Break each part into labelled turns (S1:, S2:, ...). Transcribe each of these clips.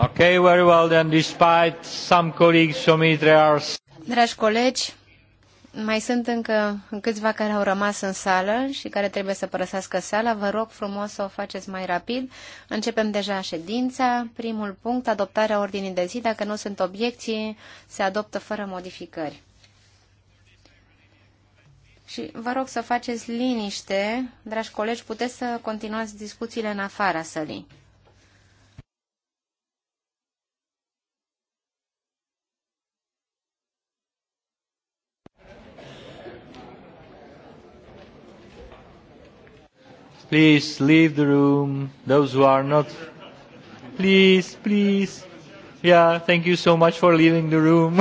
S1: Okay, very well then, despite some colleagues from ITRE are...
S2: Dragi colegi, mai sunt încă câțiva care au rămas în sală și care trebuie să părăsească sala. Vă rog frumos să o faceți mai rapid. Începem deja ședința. Primul punct, adoptarea ordinii de zi. Dacă nu sunt obiecții, se adoptă fără modificări. Și vă rog să faceți liniște, dragi colegi, puteți să continuați discuțiile în afara sălii.
S1: Please leave the room. Those who are not, please, please. Yeah, thank you so much for leaving the room.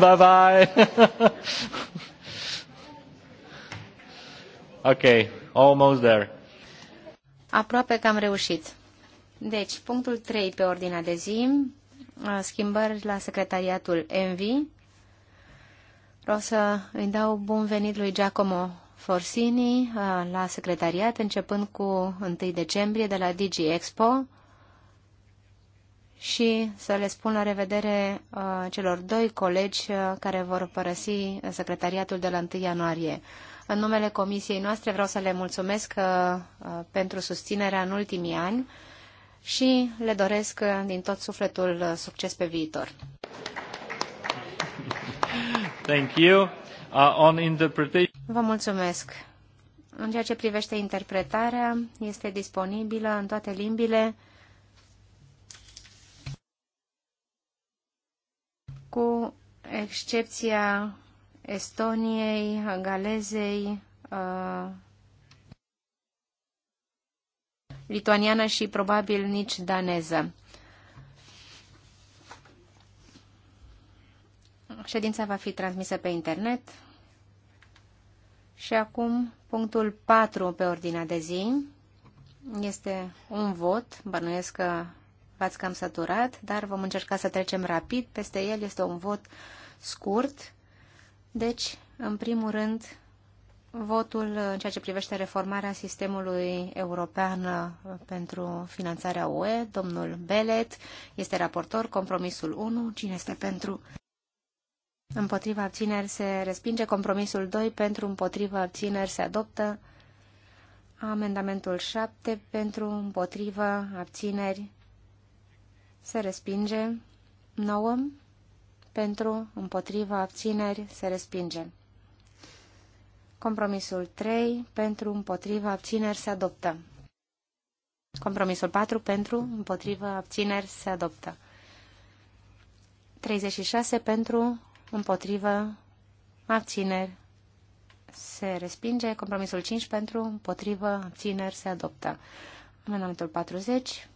S1: bye bye. Okay, almost there.
S2: Aproape că am reușit. Deci, punctul 3 pe ordinea de zi, uh, schimbări la secretariatul Envi. Vreau să îi dau bun venit lui Giacomo Forsini uh, la secretariat începând cu 1 decembrie de la Digi Expo și să le spun la revedere uh, celor doi colegi uh, care vor părăsi secretariatul de la 1 ianuarie. În numele comisiei noastre vreau să le mulțumesc pentru susținerea în ultimii ani și le doresc din tot sufletul succes pe viitor.
S1: Thank you. Uh,
S2: Vă mulțumesc. În ceea ce privește interpretarea, este disponibilă în toate limbile cu excepția Estoniei, Galezei, uh, lituaniană și probabil nici daneză. Ședința va fi transmisă pe internet. Și acum punctul 4 pe ordinea de zi este un vot. Bănuiesc că v-ați cam săturat, dar vom încerca să trecem rapid. Peste el este un vot scurt. Deci, în primul rând, votul în ceea ce privește reformarea sistemului european pentru finanțarea UE, domnul Belet este raportor, compromisul 1, cine este pentru Împotriva abțineri se respinge compromisul 2 pentru împotriva abțineri se adoptă. Amendamentul 7 pentru împotriva abțineri se respinge. 9 pentru împotriva abțineri se respinge. Compromisul 3 pentru împotriva abțineri se adoptă. Compromisul 4 pentru împotriva abțineri se adoptă. 36 pentru împotrivă, abțineri, se respinge. Compromisul 5 pentru, împotrivă, abțineri, se adoptă. Amendamentul 40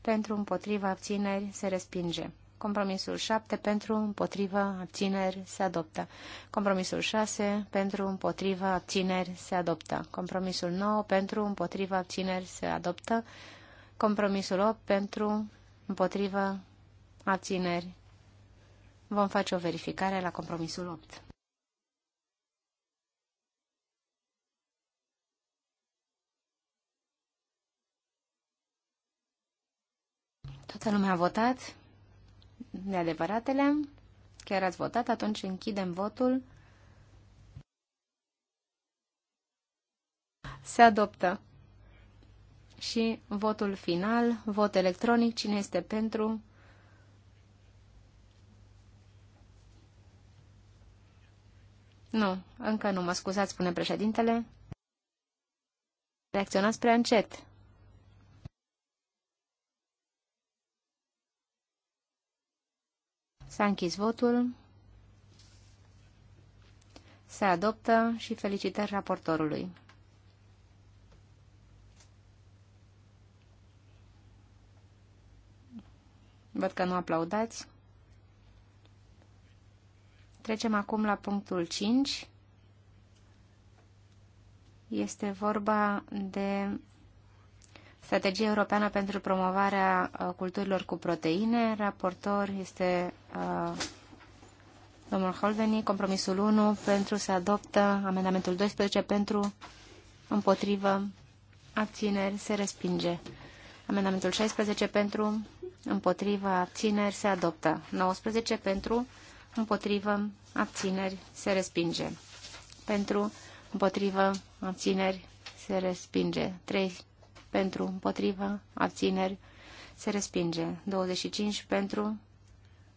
S2: pentru, împotrivă, abțineri, se respinge. Compromisul 7 pentru, împotrivă, abțineri, se adoptă. Compromisul 6 pentru, împotrivă, abțineri, se adoptă. Compromisul 9 pentru, împotrivă, abțineri, se adoptă. Compromisul 8 pentru, împotrivă, abțineri, Vom face o verificare la compromisul 8. Toată lumea a votat de adevăratele. Chiar ați votat, atunci închidem votul. Se adoptă. Și votul final, vot electronic, cine este pentru, Nu, încă nu, mă scuzați, spune președintele. Reacționați prea încet. S-a închis votul. Se adoptă și felicitări raportorului. Văd că nu aplaudați. Trecem acum la punctul 5. Este vorba de Strategia Europeană pentru promovarea uh, culturilor cu proteine. Raportor este uh, domnul Holveni. Compromisul 1 pentru se adoptă amendamentul 12 pentru împotrivă abțineri se respinge. Amendamentul 16 pentru împotriva abțineri se adoptă. 19 pentru împotrivă, abțineri, se respinge. Pentru, împotrivă, abțineri, se respinge. 3. Pentru, împotrivă, abțineri, se respinge. 25. Pentru,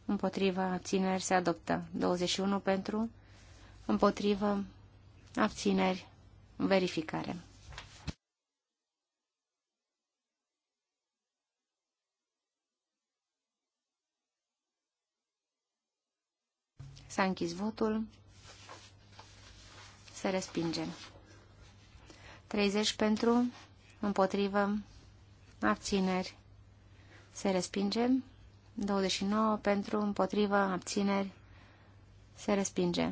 S2: împotrivă, abțineri, se adoptă. 21. Pentru, împotrivă, abțineri, verificare. S-a închis votul. Se respinge. 30 pentru, împotrivă, abțineri. Se respinge. 29 pentru, împotrivă, abțineri. Se respinge.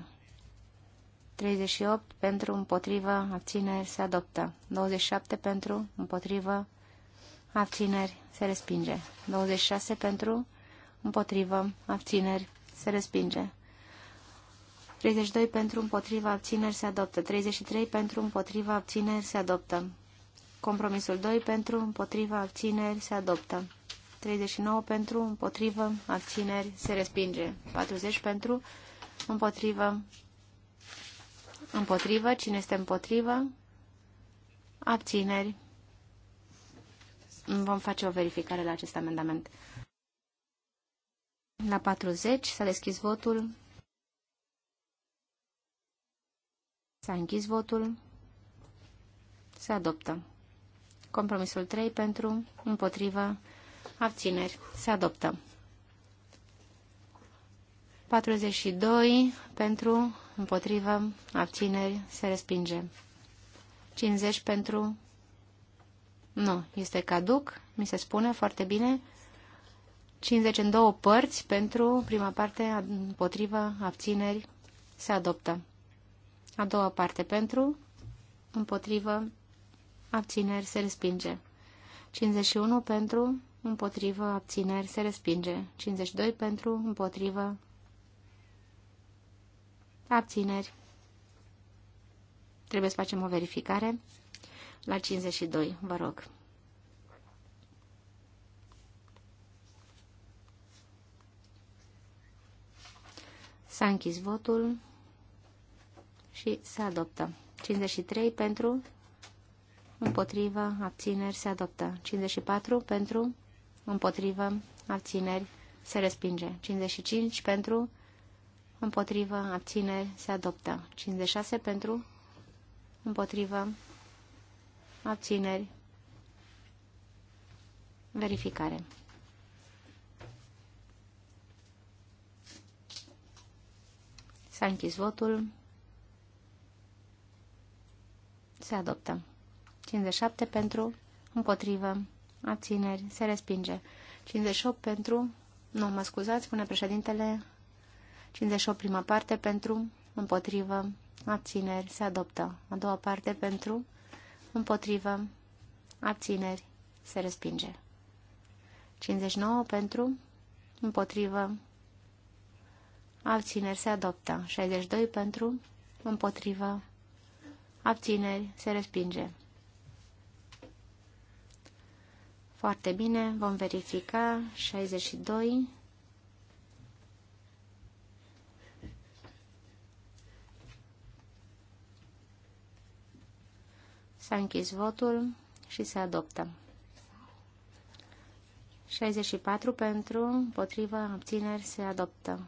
S2: 38 pentru, împotrivă, abțineri. Se adoptă. 27 pentru, împotrivă, abțineri. Se respinge. 26 pentru, împotrivă, abțineri. Se respinge. 32 pentru împotriva abțineri se adoptă. 33 pentru împotriva abțineri se adoptă. Compromisul 2 pentru împotriva abțineri se adoptă. 39 pentru împotriva abțineri se respinge. 40 pentru împotriva împotriva Cine este împotriva Abțineri. Vom face o verificare la acest amendament. La 40 s-a deschis votul. S-a închis votul. Se adoptă. Compromisul 3 pentru, împotriva, abțineri. Se adoptă. 42 pentru, împotriva abțineri, se respinge. 50 pentru... Nu, este caduc, mi se spune foarte bine. 50 în două părți pentru prima parte, împotriva abțineri, se adoptă. A doua parte pentru, împotrivă, abțineri se respinge. 51 pentru, împotrivă, abțineri se respinge. 52 pentru, împotrivă, abțineri. Trebuie să facem o verificare la 52, vă rog. S-a închis votul și se adoptă. 53 pentru, împotrivă, abțineri, se adoptă. 54 pentru, împotrivă, abțineri, se respinge. 55 pentru, împotrivă, abțineri, se adoptă. 56 pentru, împotrivă, abțineri, verificare. S-a închis votul se adoptă. 57 pentru, împotrivă, abțineri, se respinge. 58 pentru, nu, mă scuzați, spune președintele, 58 prima parte pentru, împotrivă, abțineri, se adoptă. A doua parte pentru, împotrivă, abțineri, se respinge. 59 pentru, împotrivă, abțineri, se adoptă. 62 pentru, împotrivă, Abțineri. Se respinge. Foarte bine. Vom verifica. 62. S-a închis votul și se adoptă. 64 pentru, împotrivă, abțineri, se adoptă.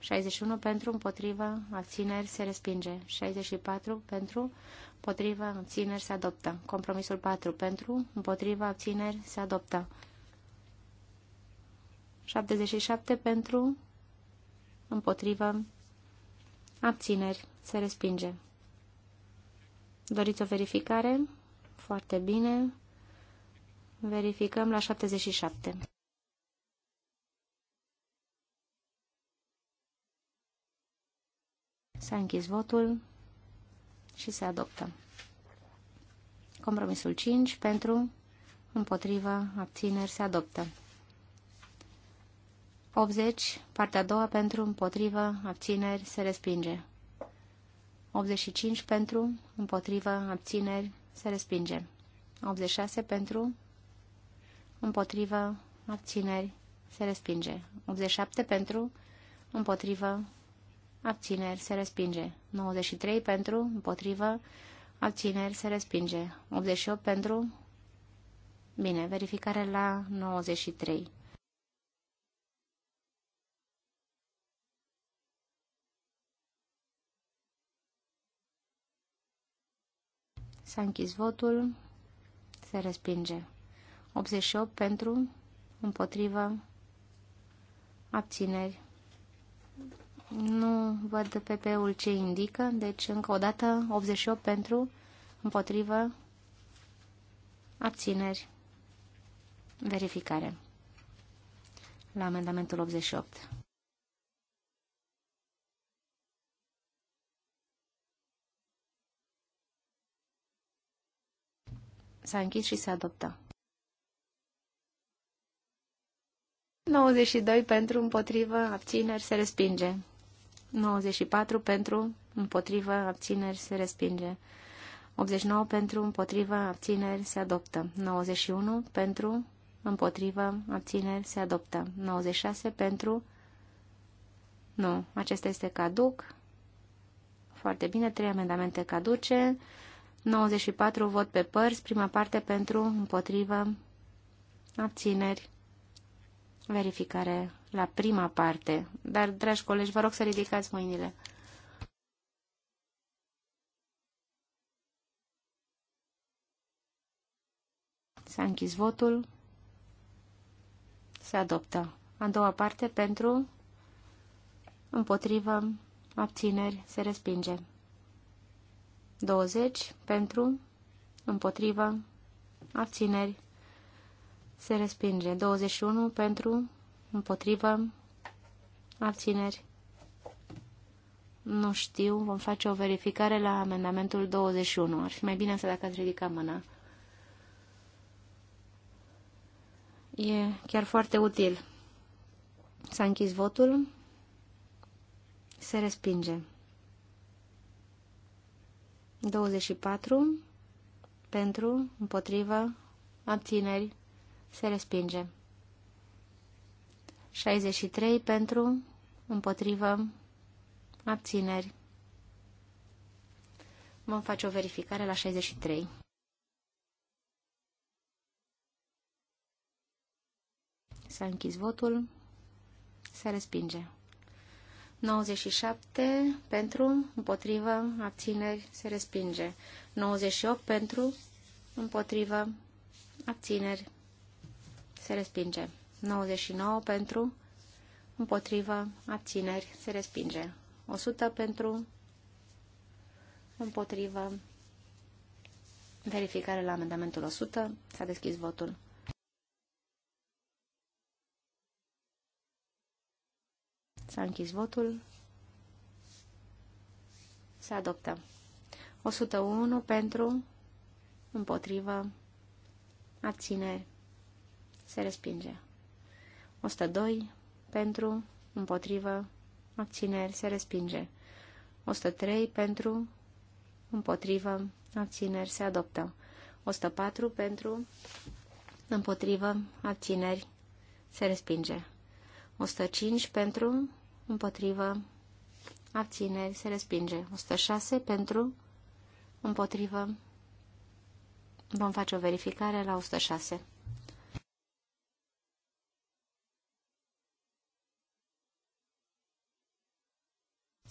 S2: 61 pentru, împotriva, abțineri, se respinge. 64 pentru, împotriva, abțineri, se adoptă. Compromisul 4 pentru, împotriva, abțineri, se adoptă. 77 pentru, împotriva, abțineri, se respinge. Doriți o verificare? Foarte bine. Verificăm la 77. S-a închis votul și se adoptă. Compromisul 5 pentru, împotriva, abțineri se adoptă. 80, partea a doua pentru, împotriva, abțineri se respinge. 85 pentru, împotriva, abțineri se respinge. 86 pentru, împotriva, abțineri se respinge. 87 pentru, împotriva, abțineri, se respinge. 93 pentru, împotrivă, abțineri, se respinge. 88 pentru, bine, verificare la 93. S-a închis votul, se respinge. 88 pentru, împotrivă, abțineri, nu văd PP-ul ce indică, deci încă o dată 88 pentru, împotrivă, abțineri, verificare. La amendamentul 88. S-a închis și se adoptă. 92 pentru împotrivă, abțineri, se respinge. 94 pentru, împotrivă, abțineri, se respinge. 89 pentru, împotrivă, abțineri, se adoptă. 91 pentru, împotrivă, abțineri, se adoptă. 96 pentru, nu, acesta este caduc. Foarte bine, trei amendamente caduce. 94 vot pe părți, prima parte pentru, împotrivă, abțineri, verificare la prima parte. Dar, dragi colegi, vă rog să ridicați mâinile. S-a închis votul. Se adoptă. A doua parte pentru, împotrivă, abțineri, se respinge. 20 pentru, împotrivă, abțineri, se respinge. 21 pentru, Împotrivă? Abțineri? Nu știu. Vom face o verificare la amendamentul 21. Ar fi mai bine să dacă ați ridica mâna. E chiar foarte util. S-a închis votul. Se respinge. 24. Pentru, împotrivă, abțineri, se respinge. 63 pentru, împotrivă, abțineri. Vom face o verificare la 63. S-a închis votul. Se respinge. 97 pentru, împotrivă, abțineri, se respinge. 98 pentru, împotrivă, abțineri, se respinge. 99 pentru, împotrivă, abțineri, se respinge. 100 pentru, împotrivă, verificare la amendamentul 100, s-a deschis votul. S-a închis votul. Se adoptă. 101 pentru, împotrivă, abțineri, se respinge. 102 pentru, împotrivă, abțineri, se respinge. 103 pentru, împotrivă, abțineri, se adoptă. 104 pentru, împotrivă, abțineri, se respinge. 105 pentru, împotrivă, abțineri, se respinge. 106 pentru, împotrivă, vom face o verificare la 106.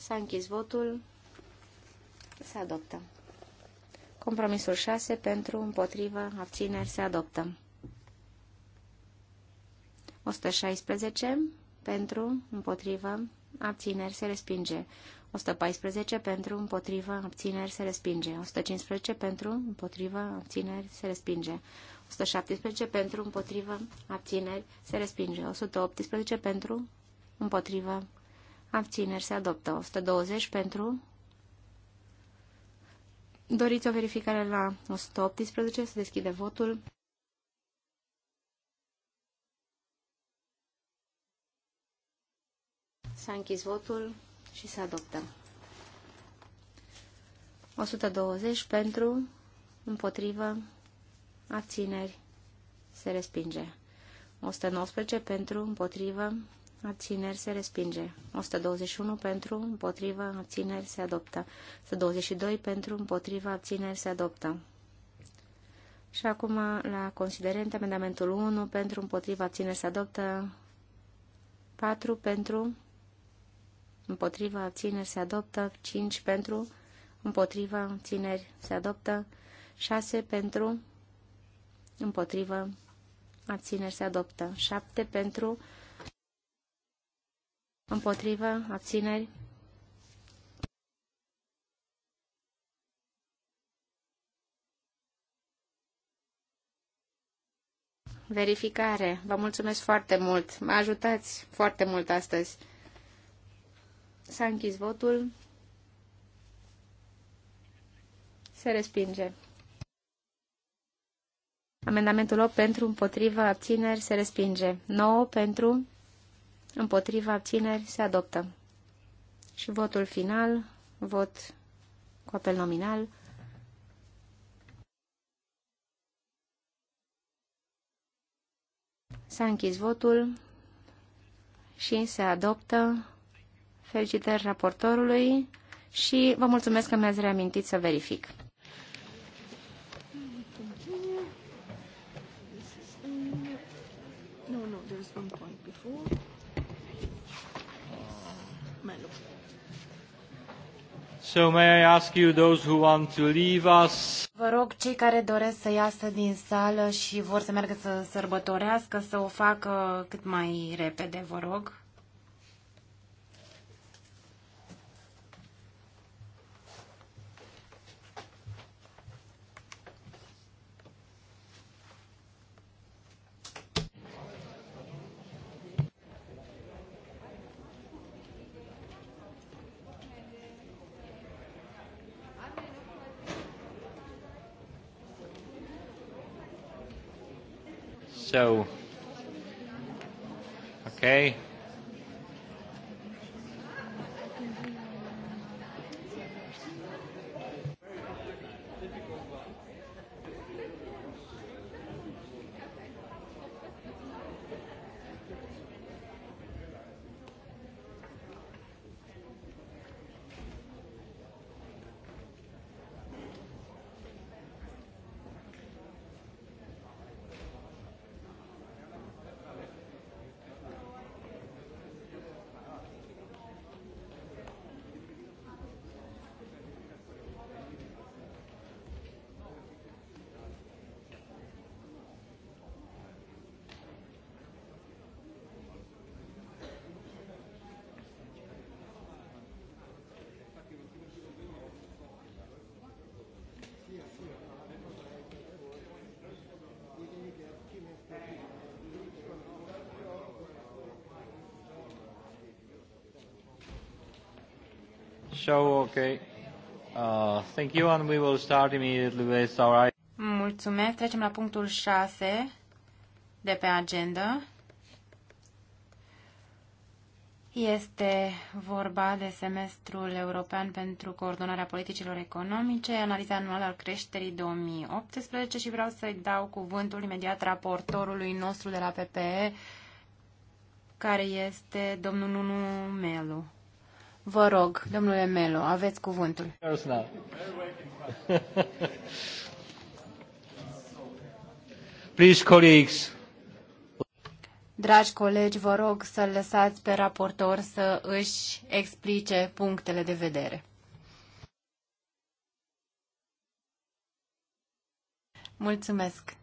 S2: S-a închis votul. Se adoptă. Compromisul 6 pentru, împotrivă, abțineri se adoptă. 116 pentru, împotrivă, abțineri se respinge. 114 pentru, împotrivă, abțineri se respinge. 115 pentru, împotrivă, abțineri se respinge. 117 pentru, împotrivă, abțineri se respinge. 118 pentru, împotrivă, Abțineri se adoptă. 120 pentru. Doriți o verificare la 118. Se deschide votul. S-a închis votul și se adoptă. 120 pentru, împotrivă, abțineri, se respinge. 119 pentru, împotrivă, abțineri se respinge. 121 pentru, împotrivă, abțineri se adoptă. 122 pentru, împotrivă, abțineri se adoptă. Și acum la considerente, amendamentul 1 pentru, împotrivă, abțineri se adoptă. 4 pentru, împotrivă, abțineri se adoptă. 5 pentru, împotrivă, abțineri se adoptă. 6 pentru, împotrivă, abțineri se adoptă. 7 pentru, împotrivă, Împotrivă? Abțineri? Verificare. Vă mulțumesc foarte mult. Mă ajutați foarte mult astăzi. S-a închis votul. Se respinge. Amendamentul 8 pentru, împotrivă, abțineri, se respinge. 9 pentru, împotriva abțineri se adoptă. Și votul final, vot cu apel nominal. S-a închis votul și se adoptă. Felicitări raportorului și vă mulțumesc că mi-ați reamintit să verific.
S3: Thank you.
S1: So may I ask you those who want to leave us?
S4: Vă rog cei care doresc să iasă din sală și vor să meargă să sărbătorească să o facă cât mai repede, vă rog.
S1: So okay. Uh, thank you and we will start immediately with our...
S4: Mulțumesc. Trecem la punctul 6 de pe agenda. Este vorba de semestrul european pentru coordonarea politicilor economice, analiza anuală al creșterii 2018 și vreau să-i dau cuvântul imediat raportorului nostru de la PPE, care este domnul Nunu Melu. Vă rog, domnule Melo, aveți cuvântul.
S1: Please, colleagues.
S4: Dragi colegi, vă rog să lăsați pe raportor să își explice punctele de vedere. Mulțumesc.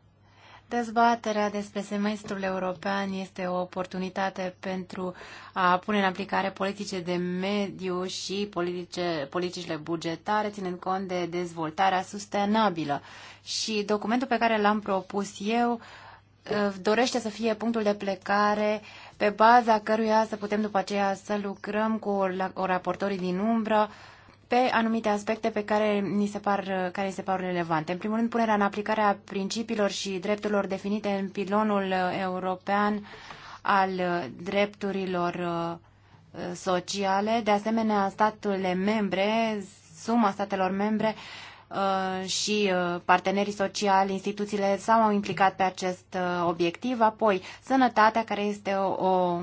S4: Dezbaterea despre semestrul european este o oportunitate pentru a pune în aplicare politice de mediu și politice, politicile bugetare, ținând cont de dezvoltarea sustenabilă. Și documentul pe care l-am propus eu ă, dorește să fie punctul de plecare pe baza căruia să putem după aceea să lucrăm cu o raportorii din umbră, pe anumite aspecte pe care ni se par, care se par relevante. În primul rând, punerea în aplicare a principiilor și drepturilor definite în pilonul uh, european al uh, drepturilor uh, sociale. De asemenea, statele membre, suma statelor membre și partenerii sociali, instituțiile s-au implicat pe acest obiectiv. Apoi, sănătatea, care este o, o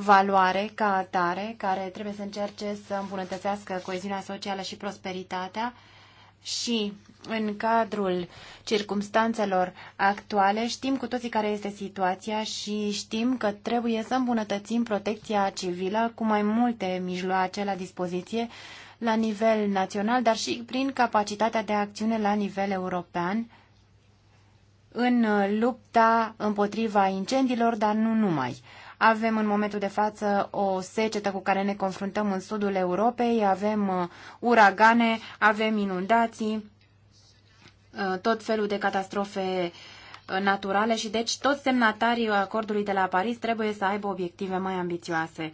S4: valoare ca atare, care trebuie să încerce să îmbunătățească coeziunea socială și prosperitatea și în cadrul circumstanțelor actuale știm cu toții care este situația și știm că trebuie să îmbunătățim protecția civilă cu mai multe mijloace la dispoziție la nivel național, dar și prin capacitatea de acțiune la nivel european în lupta împotriva incendiilor, dar nu numai. Avem în momentul de față o secetă cu care ne confruntăm în sudul Europei, avem uh, uragane, avem inundații, uh, tot felul de catastrofe uh, naturale și deci toți semnatarii acordului de la Paris trebuie să aibă obiective mai ambițioase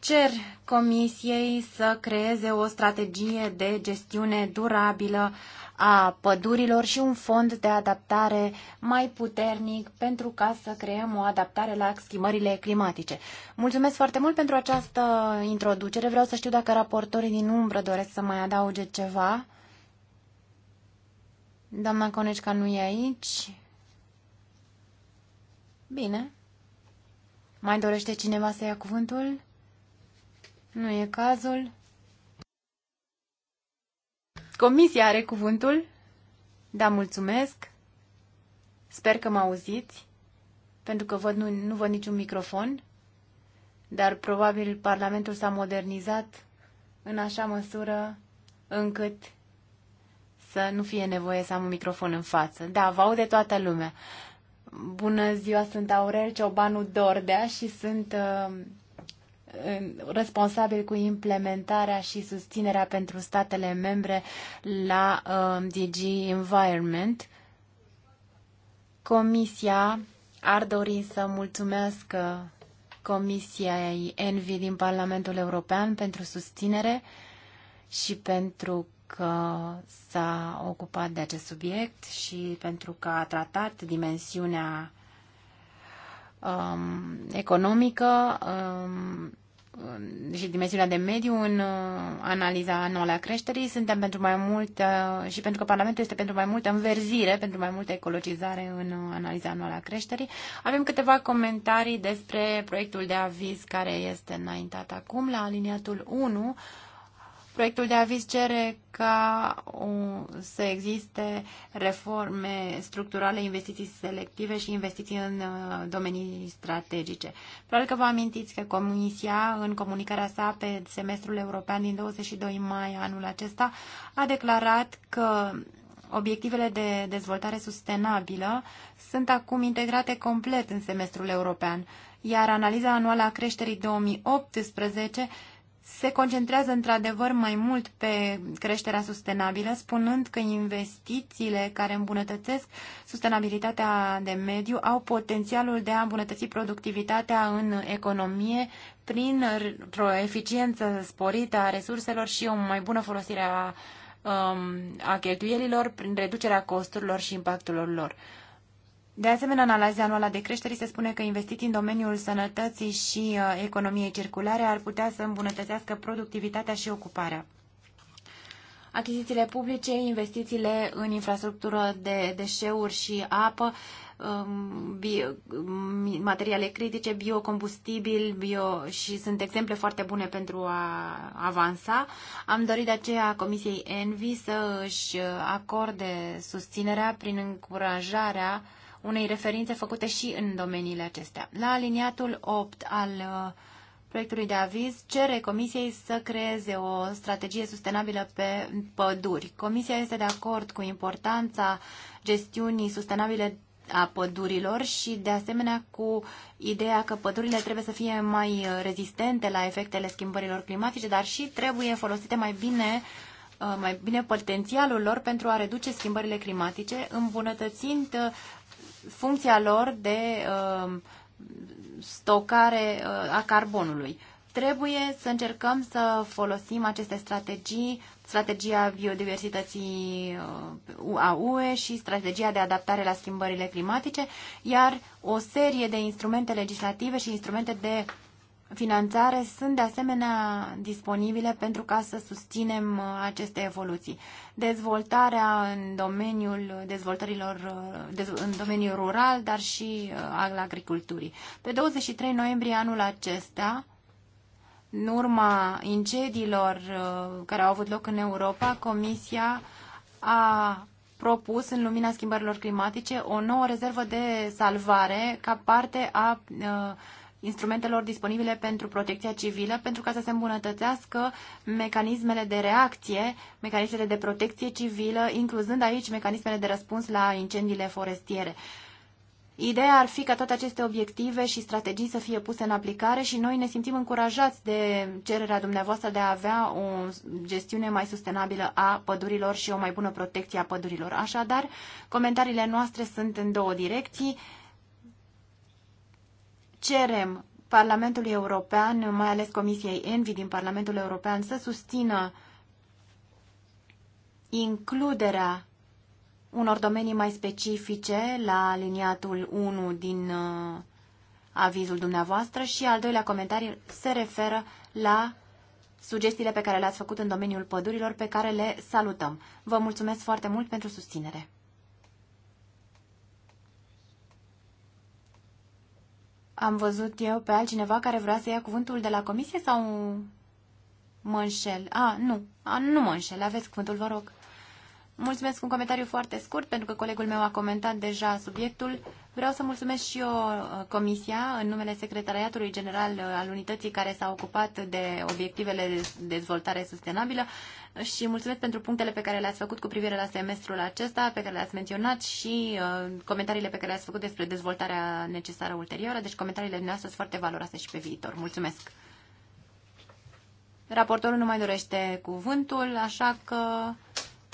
S4: cer Comisiei să creeze o strategie de gestiune durabilă a pădurilor și un fond de adaptare mai puternic pentru ca să creăm o adaptare la schimbările climatice. Mulțumesc foarte mult pentru această introducere. Vreau să știu dacă raportorii din umbră doresc să mai adauge ceva. Doamna Conecica nu e aici. Bine. Mai dorește cineva să ia cuvântul? Nu e cazul. Comisia are cuvântul. Da, mulțumesc. Sper că mă auziți, pentru că văd, nu, nu văd niciun microfon, dar probabil Parlamentul s-a modernizat în așa măsură încât să nu fie nevoie să am un microfon în față. Da, vă aude toată lumea. Bună ziua, sunt Aurel Ciobanu Dordea și sunt uh, responsabil cu implementarea și susținerea pentru statele membre la uh, DG Environment. Comisia ar dori să mulțumesc Comisiei Envi din Parlamentul European pentru susținere și pentru că s-a ocupat de acest subiect și pentru că a tratat dimensiunea um, economică um, Uh, și dimensiunea de mediu în uh, analiza anuală a creșterii. Suntem pentru mai mult uh, și pentru că Parlamentul este pentru mai multă înverzire, pentru mai multă ecologizare în analiza anuală a creșterii. Avem câteva comentarii despre proiectul de aviz care este înaintat acum la aliniatul 1 Proiectul de aviz cere ca să existe reforme structurale, investiții selective și investiții în uh, domenii strategice. Probabil că vă amintiți că Comisia, în comunicarea sa pe semestrul european din 22 mai anul acesta, a declarat că obiectivele de dezvoltare sustenabilă sunt acum integrate complet în semestrul european, iar analiza anuală a creșterii 2018 se concentrează într-adevăr mai mult pe creșterea sustenabilă, spunând că investițiile care îmbunătățesc sustenabilitatea de mediu au potențialul de a îmbunătăți productivitatea în economie prin o eficiență sporită a resurselor și o mai bună folosire a, um, a cheltuielilor, prin reducerea costurilor și impactelor lor. De asemenea, în analiza anuală de creștere se spune că investiții în domeniul sănătății și uh, economiei circulare ar putea să îmbunătățească productivitatea și ocuparea. Achizițiile publice, investițiile în infrastructură de deșeuri și apă, um, bio, um, materiale critice, biocombustibil bio, și sunt exemple foarte bune pentru a avansa. Am dorit de aceea Comisiei Envi să își uh, acorde susținerea prin încurajarea uh, unei referințe făcute și în domeniile acestea. La aliniatul 8 al uh, proiectului de aviz cere Comisiei să creeze o strategie sustenabilă pe păduri. Comisia este de acord cu importanța gestiunii sustenabile a pădurilor și, de asemenea, cu ideea că pădurile trebuie să fie mai rezistente la efectele schimbărilor climatice, dar și trebuie folosite mai bine uh, mai bine potențialul lor pentru a reduce schimbările climatice, îmbunătățind uh, funcția lor de uh, stocare uh, a carbonului. Trebuie să încercăm să folosim aceste strategii, strategia biodiversității uh, a UE și strategia de adaptare la schimbările climatice, iar o serie de instrumente legislative și instrumente de finanțare sunt de asemenea disponibile pentru ca să susținem uh, aceste evoluții. Dezvoltarea în domeniul dezvoltărilor, uh, în domeniul rural, dar și uh, al agriculturii. Pe 23 noiembrie anul acesta, în urma incendiilor care au avut loc în Europa, Comisia a propus, în lumina schimbărilor climatice, o nouă rezervă de salvare ca parte a uh, instrumentelor disponibile pentru protecția civilă pentru ca să se îmbunătățească mecanismele de reacție, mecanismele de protecție civilă, incluzând aici mecanismele de răspuns la incendiile forestiere. Ideea ar fi ca toate aceste obiective și strategii să fie puse în aplicare și noi ne simțim încurajați de cererea dumneavoastră de a avea o gestiune mai sustenabilă a pădurilor și o mai bună protecție a pădurilor. Așadar, comentariile noastre sunt în două direcții cerem Parlamentului European, mai ales Comisiei Envi din Parlamentul European, să susțină includerea unor domenii mai specifice la aliniatul 1 din uh, avizul dumneavoastră și al doilea comentariu se referă la sugestiile pe care le-ați făcut în domeniul pădurilor, pe care le salutăm. Vă mulțumesc foarte mult pentru susținere. Am văzut eu pe altcineva care vrea să ia cuvântul de la comisie sau mă înșel? A, nu, A, nu mă înșel, aveți cuvântul, vă rog. Mulțumesc un comentariu foarte scurt, pentru că colegul meu a comentat deja subiectul. Vreau să mulțumesc și eu uh, Comisia în numele Secretariatului General uh, al unității care s-a ocupat de obiectivele de dezvoltare sustenabilă și mulțumesc pentru punctele pe care le-ați făcut cu privire la semestrul acesta, pe care le-ați menționat și uh, comentariile pe care le-ați făcut despre dezvoltarea necesară ulterioară. Deci comentariile dumneavoastră sunt foarte valoroase și pe viitor. Mulțumesc! Raportorul nu mai dorește cuvântul, așa că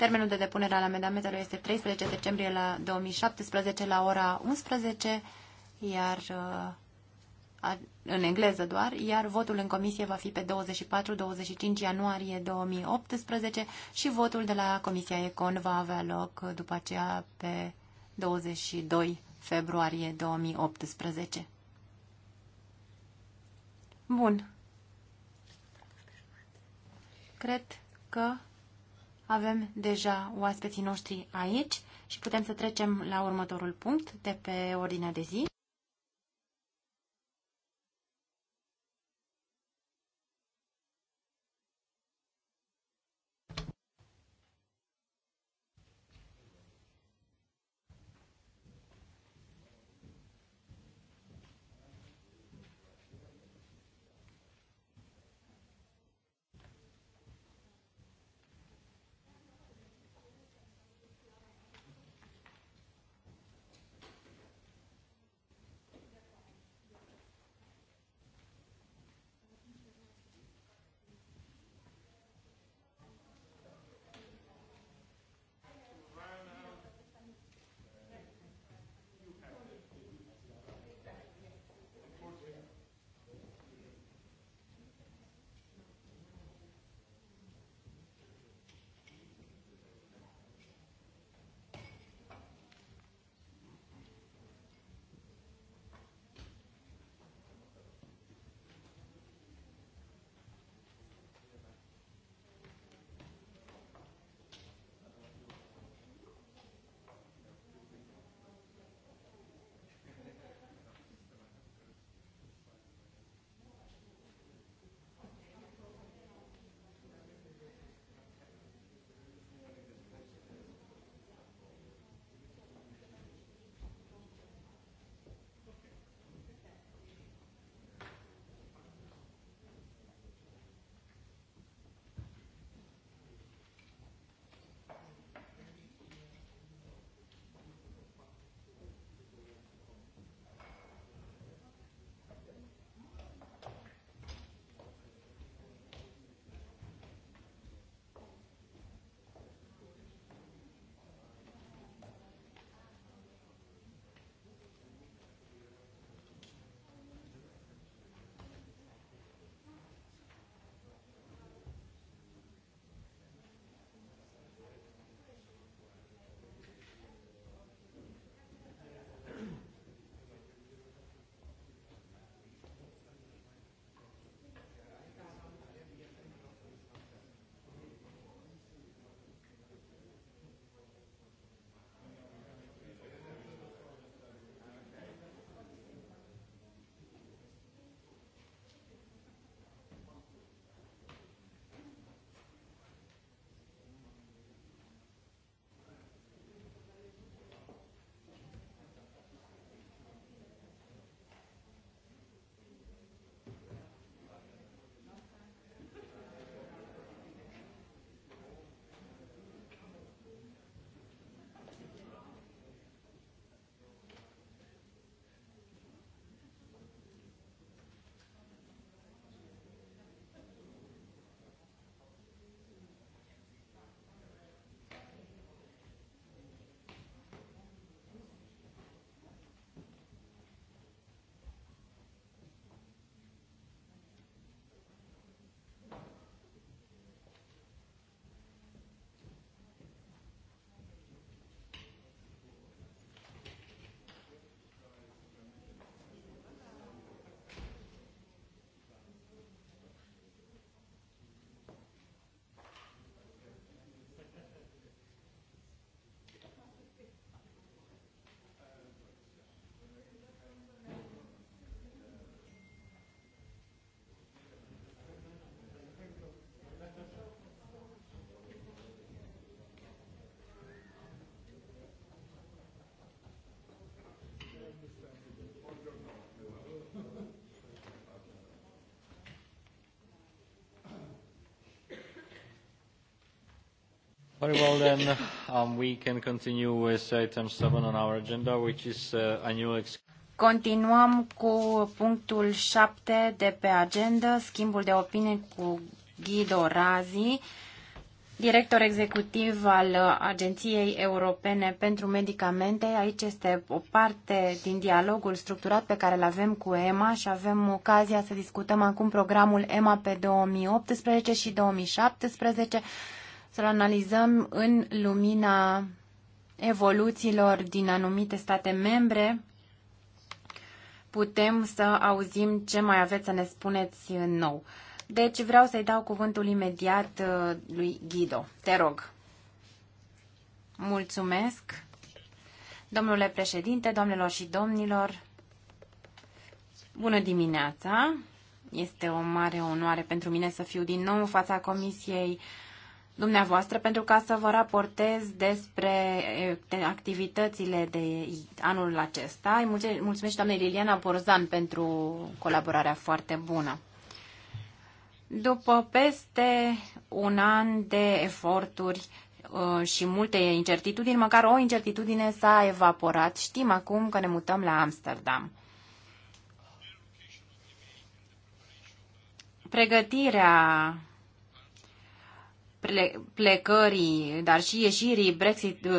S4: Termenul de depunere al amendamentelor este 13 decembrie la 2017 la ora 11, iar uh, în engleză doar, iar votul în comisie va fi pe 24-25 ianuarie 2018 și votul de la Comisia Econ va avea loc după aceea pe 22 februarie 2018. Bun. Cred că avem deja oaspeții noștri aici și putem să trecem la următorul punct de pe ordinea de zi.
S1: Very well then, um, we can continue with item 7 on our agenda, which is uh, annual
S4: Continuăm cu punctul 7 de pe agenda, schimbul de opinie cu Guido Razi, director executiv al Agenției Europene pentru Medicamente. Aici este o parte din dialogul structurat pe care îl avem cu EMA și avem ocazia să discutăm acum programul EMA pe 2018 și 2017 să-l analizăm în lumina evoluțiilor din anumite state membre, putem să auzim ce mai aveți să ne spuneți nou. Deci vreau să-i dau cuvântul imediat uh, lui Guido. Te rog. Mulțumesc. Domnule președinte, domnilor și domnilor, bună dimineața! Este o mare onoare pentru mine să fiu din nou în fața Comisiei dumneavoastră pentru ca să vă raportez despre activitățile de anul acesta. mulțumesc și doamnei Liliana Borzan pentru colaborarea foarte bună. După peste un an de eforturi uh, și multe incertitudini, măcar o incertitudine s-a evaporat. Știm acum că ne mutăm la Amsterdam. Pregătirea plecării, dar și ieșirii Brexit uh,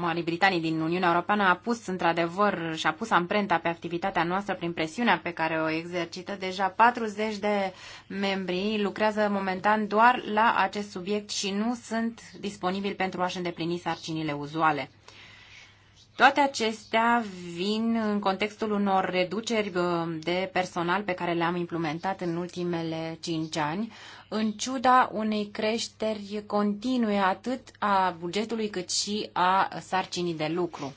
S4: Marii Britanii din Uniunea Europeană a pus într-adevăr și a pus amprenta pe activitatea noastră prin presiunea pe care o exercită. Deja 40 de membri lucrează momentan doar la acest subiect și nu sunt disponibili pentru a-și îndeplini sarcinile uzuale. Toate acestea vin în contextul unor reduceri de personal pe care le-am implementat în ultimele cinci ani, în ciuda unei creșteri continue atât a bugetului cât și a sarcinii de lucru.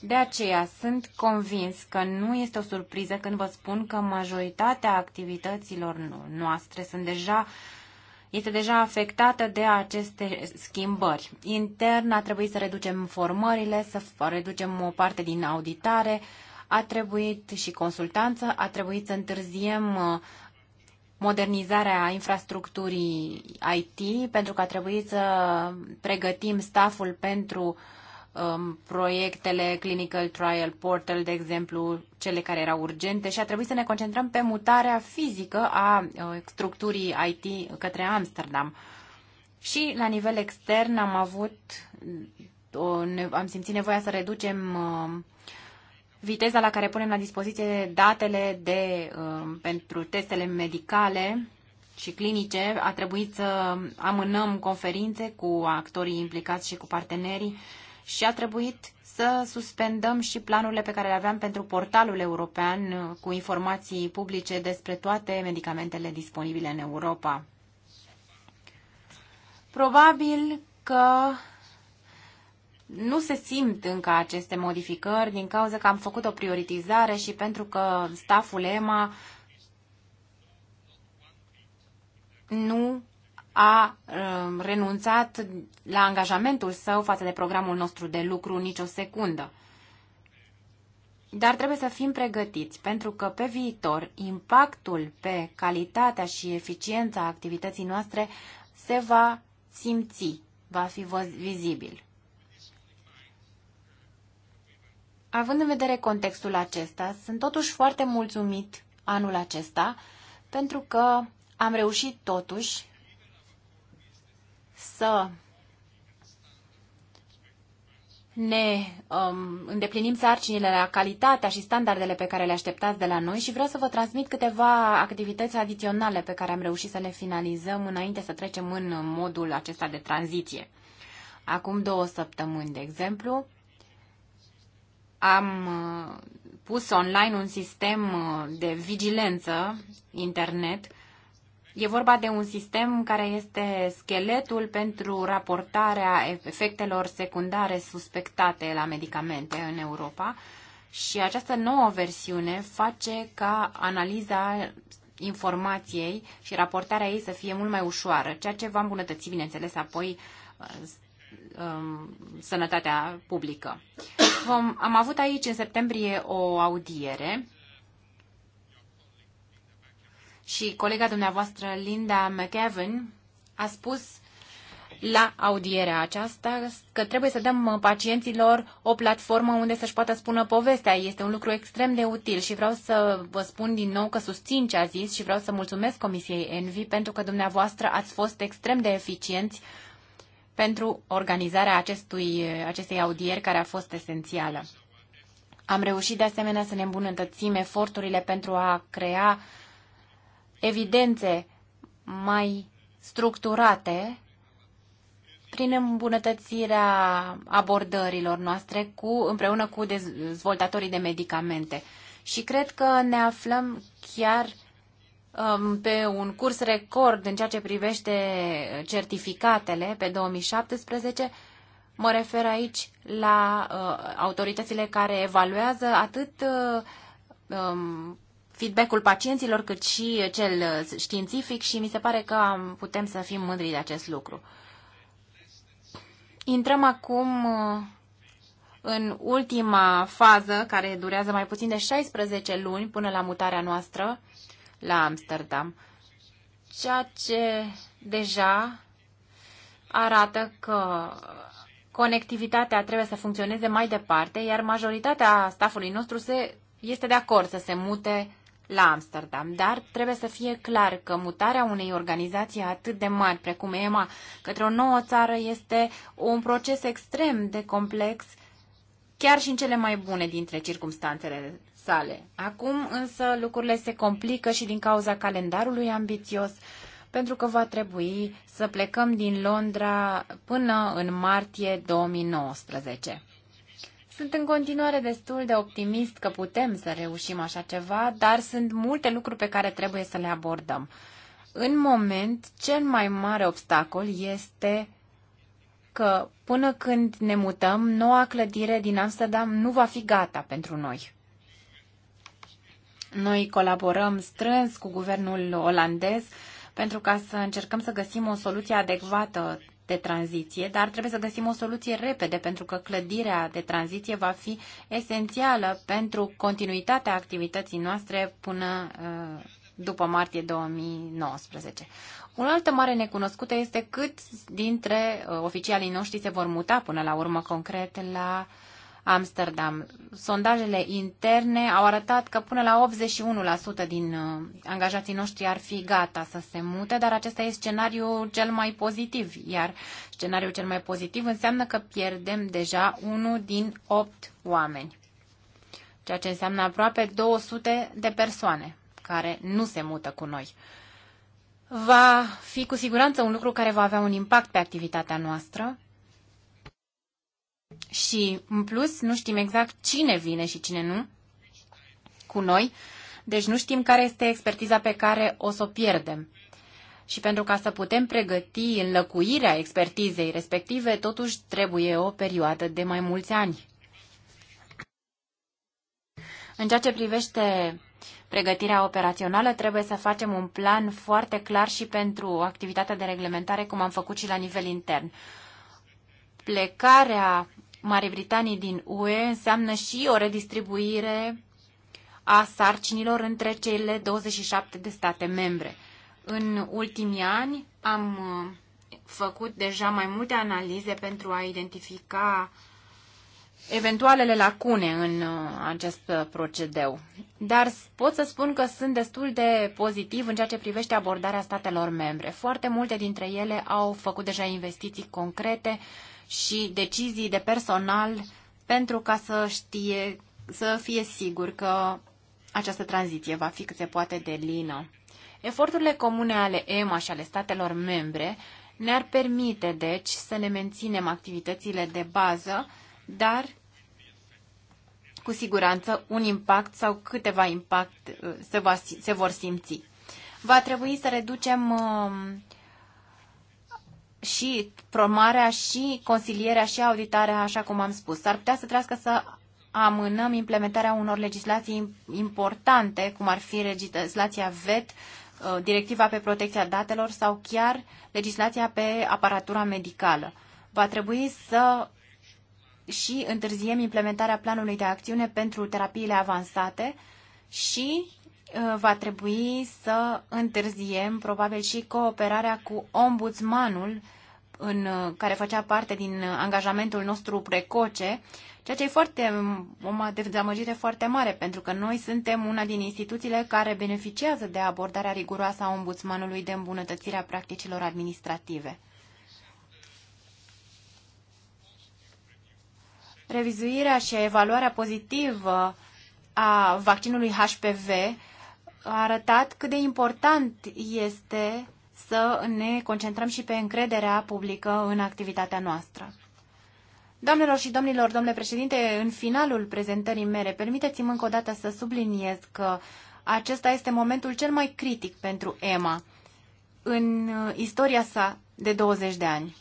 S4: De aceea sunt convins că nu este o surpriză când vă spun că majoritatea activităților noastre sunt deja uh, este deja afectată de aceste schimbări. Intern a trebuit să reducem formările, să reducem o parte din auditare, a trebuit și consultanță, a trebuit să întârziem uh, modernizarea infrastructurii IT, pentru că a trebuit să pregătim staful pentru uh, Um, proiectele Clinical Trial Portal, de exemplu, cele care erau urgente și a trebuit să ne concentrăm pe mutarea fizică a uh, structurii IT către Amsterdam. Și la nivel extern am avut, am simțit nevoia să reducem um, viteza la care punem la dispoziție datele de, um, pentru testele medicale și clinice. A trebuit să amânăm conferințe cu actorii implicați și cu partenerii și a trebuit să suspendăm și planurile pe care le aveam pentru portalul european uh, cu informații publice despre toate medicamentele disponibile în Europa. Probabil că nu se simt încă aceste modificări din cauza că am făcut o prioritizare și pentru că staful EMA nu a um, renunțat la angajamentul său față de programul nostru de lucru nicio secundă. Dar trebuie să fim pregătiți, pentru că pe viitor impactul pe calitatea și eficiența activității noastre se va simți, va fi vizibil. Având în vedere contextul acesta, sunt totuși foarte mulțumit anul acesta pentru că am reușit totuși să ne um, îndeplinim sarcinile la calitatea și standardele pe care le așteptați de la noi și vreau să vă transmit câteva activități adiționale pe care am reușit să le finalizăm înainte să trecem în modul acesta de tranziție. Acum două săptămâni, de exemplu, am uh, pus online un sistem uh, de vigilență internet E vorba de un sistem care este scheletul pentru raportarea efectelor secundare suspectate la medicamente în Europa și această nouă versiune face ca analiza informației și raportarea ei să fie mult mai ușoară, ceea ce va îmbunătăți, bineînțeles, apoi um, sănătatea publică. Vom, am avut aici în septembrie o audiere și colega dumneavoastră Linda McEvan a spus la audierea aceasta că trebuie să dăm pacienților o platformă unde să-și poată spună povestea. Este un lucru extrem de util și vreau să vă spun din nou că susțin ce a zis și vreau să mulțumesc Comisiei Envi pentru că dumneavoastră ați fost extrem de eficienți pentru organizarea acestui, acestei audieri care a fost esențială. Am reușit de asemenea să ne îmbunătățim eforturile pentru a crea uh, evidențe mai structurate prin îmbunătățirea abordărilor noastre cu, împreună cu dezvoltatorii de medicamente. Și cred că ne aflăm chiar um, pe un curs record în ceea ce privește certificatele pe 2017. Mă refer aici la uh, autoritățile care evaluează atât uh, um, feedback-ul pacienților, cât și cel uh, științific și mi se pare că putem să fim mândri de acest lucru. Intrăm acum uh, în ultima fază, care durează mai puțin de 16 luni până la mutarea noastră la Amsterdam, ceea ce deja arată că conectivitatea trebuie să funcționeze mai departe, iar majoritatea staffului nostru se, este de acord să se mute la Amsterdam, dar trebuie să fie clar că mutarea unei organizații atât de mari precum EMA către o nouă țară este un proces extrem de complex, chiar și în cele mai bune dintre circumstanțele sale. Acum însă lucrurile se complică și din cauza calendarului ambițios, pentru că va trebui să plecăm din Londra până în martie 2019. Sunt în continuare destul de optimist că putem să reușim așa ceva, dar sunt multe lucruri pe care trebuie să le abordăm. În moment, cel mai mare obstacol este că până când ne mutăm, noua clădire din Amsterdam nu va fi gata pentru noi. Noi colaborăm strâns cu guvernul olandez pentru ca să încercăm să găsim o soluție adecvată de tranziție, dar trebuie să găsim o soluție repede, pentru că clădirea de tranziție va fi esențială pentru continuitatea activității noastre până uh, după martie 2019. O altă mare necunoscută este cât dintre uh, oficialii noștri se vor muta până la urmă concret la uh, Amsterdam. Sondajele interne au arătat că până la 81% din uh, angajații noștri ar fi gata să se mute, dar acesta e scenariul cel mai pozitiv, iar scenariul cel mai pozitiv înseamnă că pierdem deja unul din 8 oameni, ceea ce înseamnă aproape 200 de persoane care nu se mută cu noi. Va fi cu siguranță un lucru care va avea un impact pe activitatea noastră, și, în plus, nu știm exact cine vine și cine nu cu noi, deci nu știm care este expertiza pe care o să o pierdem. Și pentru ca să putem pregăti înlăcuirea expertizei respective, totuși trebuie o perioadă de mai mulți ani. În ceea ce privește pregătirea operațională, trebuie să facem un plan foarte clar și pentru activitatea de reglementare, cum am făcut și la nivel intern. Plecarea Marii Britanii din UE înseamnă și o redistribuire a sarcinilor între cele 27 de state membre. În ultimii ani am uh, făcut deja mai multe analize pentru a identifica uh, eventualele lacune în uh, acest uh, procedeu. Dar pot să spun că sunt destul de pozitiv în ceea ce privește abordarea statelor membre. Foarte multe dintre ele au făcut deja investiții concrete și decizii de personal pentru ca să știe, să fie sigur că această tranziție va fi cât se poate de lină. Eforturile comune ale EMA și ale statelor membre ne-ar permite, deci, să ne menținem activitățile de bază dar cu siguranță un impact sau câteva impact uh, se, va, se vor simți. Va trebui să reducem um, și promarea și consilierea și auditarea, așa cum am spus. S-ar putea să trească să amânăm implementarea unor legislații importante, cum ar fi legislația VET, uh, directiva pe protecția datelor sau chiar legislația pe aparatura medicală. Va trebui să și întârziem implementarea planului de acțiune pentru terapiile avansate și uh, va trebui să întârziem probabil și cooperarea cu ombudsmanul în, uh, care făcea parte din uh, angajamentul nostru precoce, ceea ce e foarte, um, o dezamăgire foarte mare, pentru că noi suntem una din instituțiile care beneficiază de abordarea riguroasă a ombudsmanului de îmbunătățirea practicilor administrative. Revizuirea și evaluarea pozitivă a vaccinului HPV a arătat cât de important este să ne concentrăm și pe încrederea publică în activitatea noastră. Doamnelor și domnilor, domnule președinte, în finalul prezentării mele, permiteți-mi încă o dată să subliniez că acesta este momentul cel mai critic pentru EMA în uh, istoria sa de 20 de ani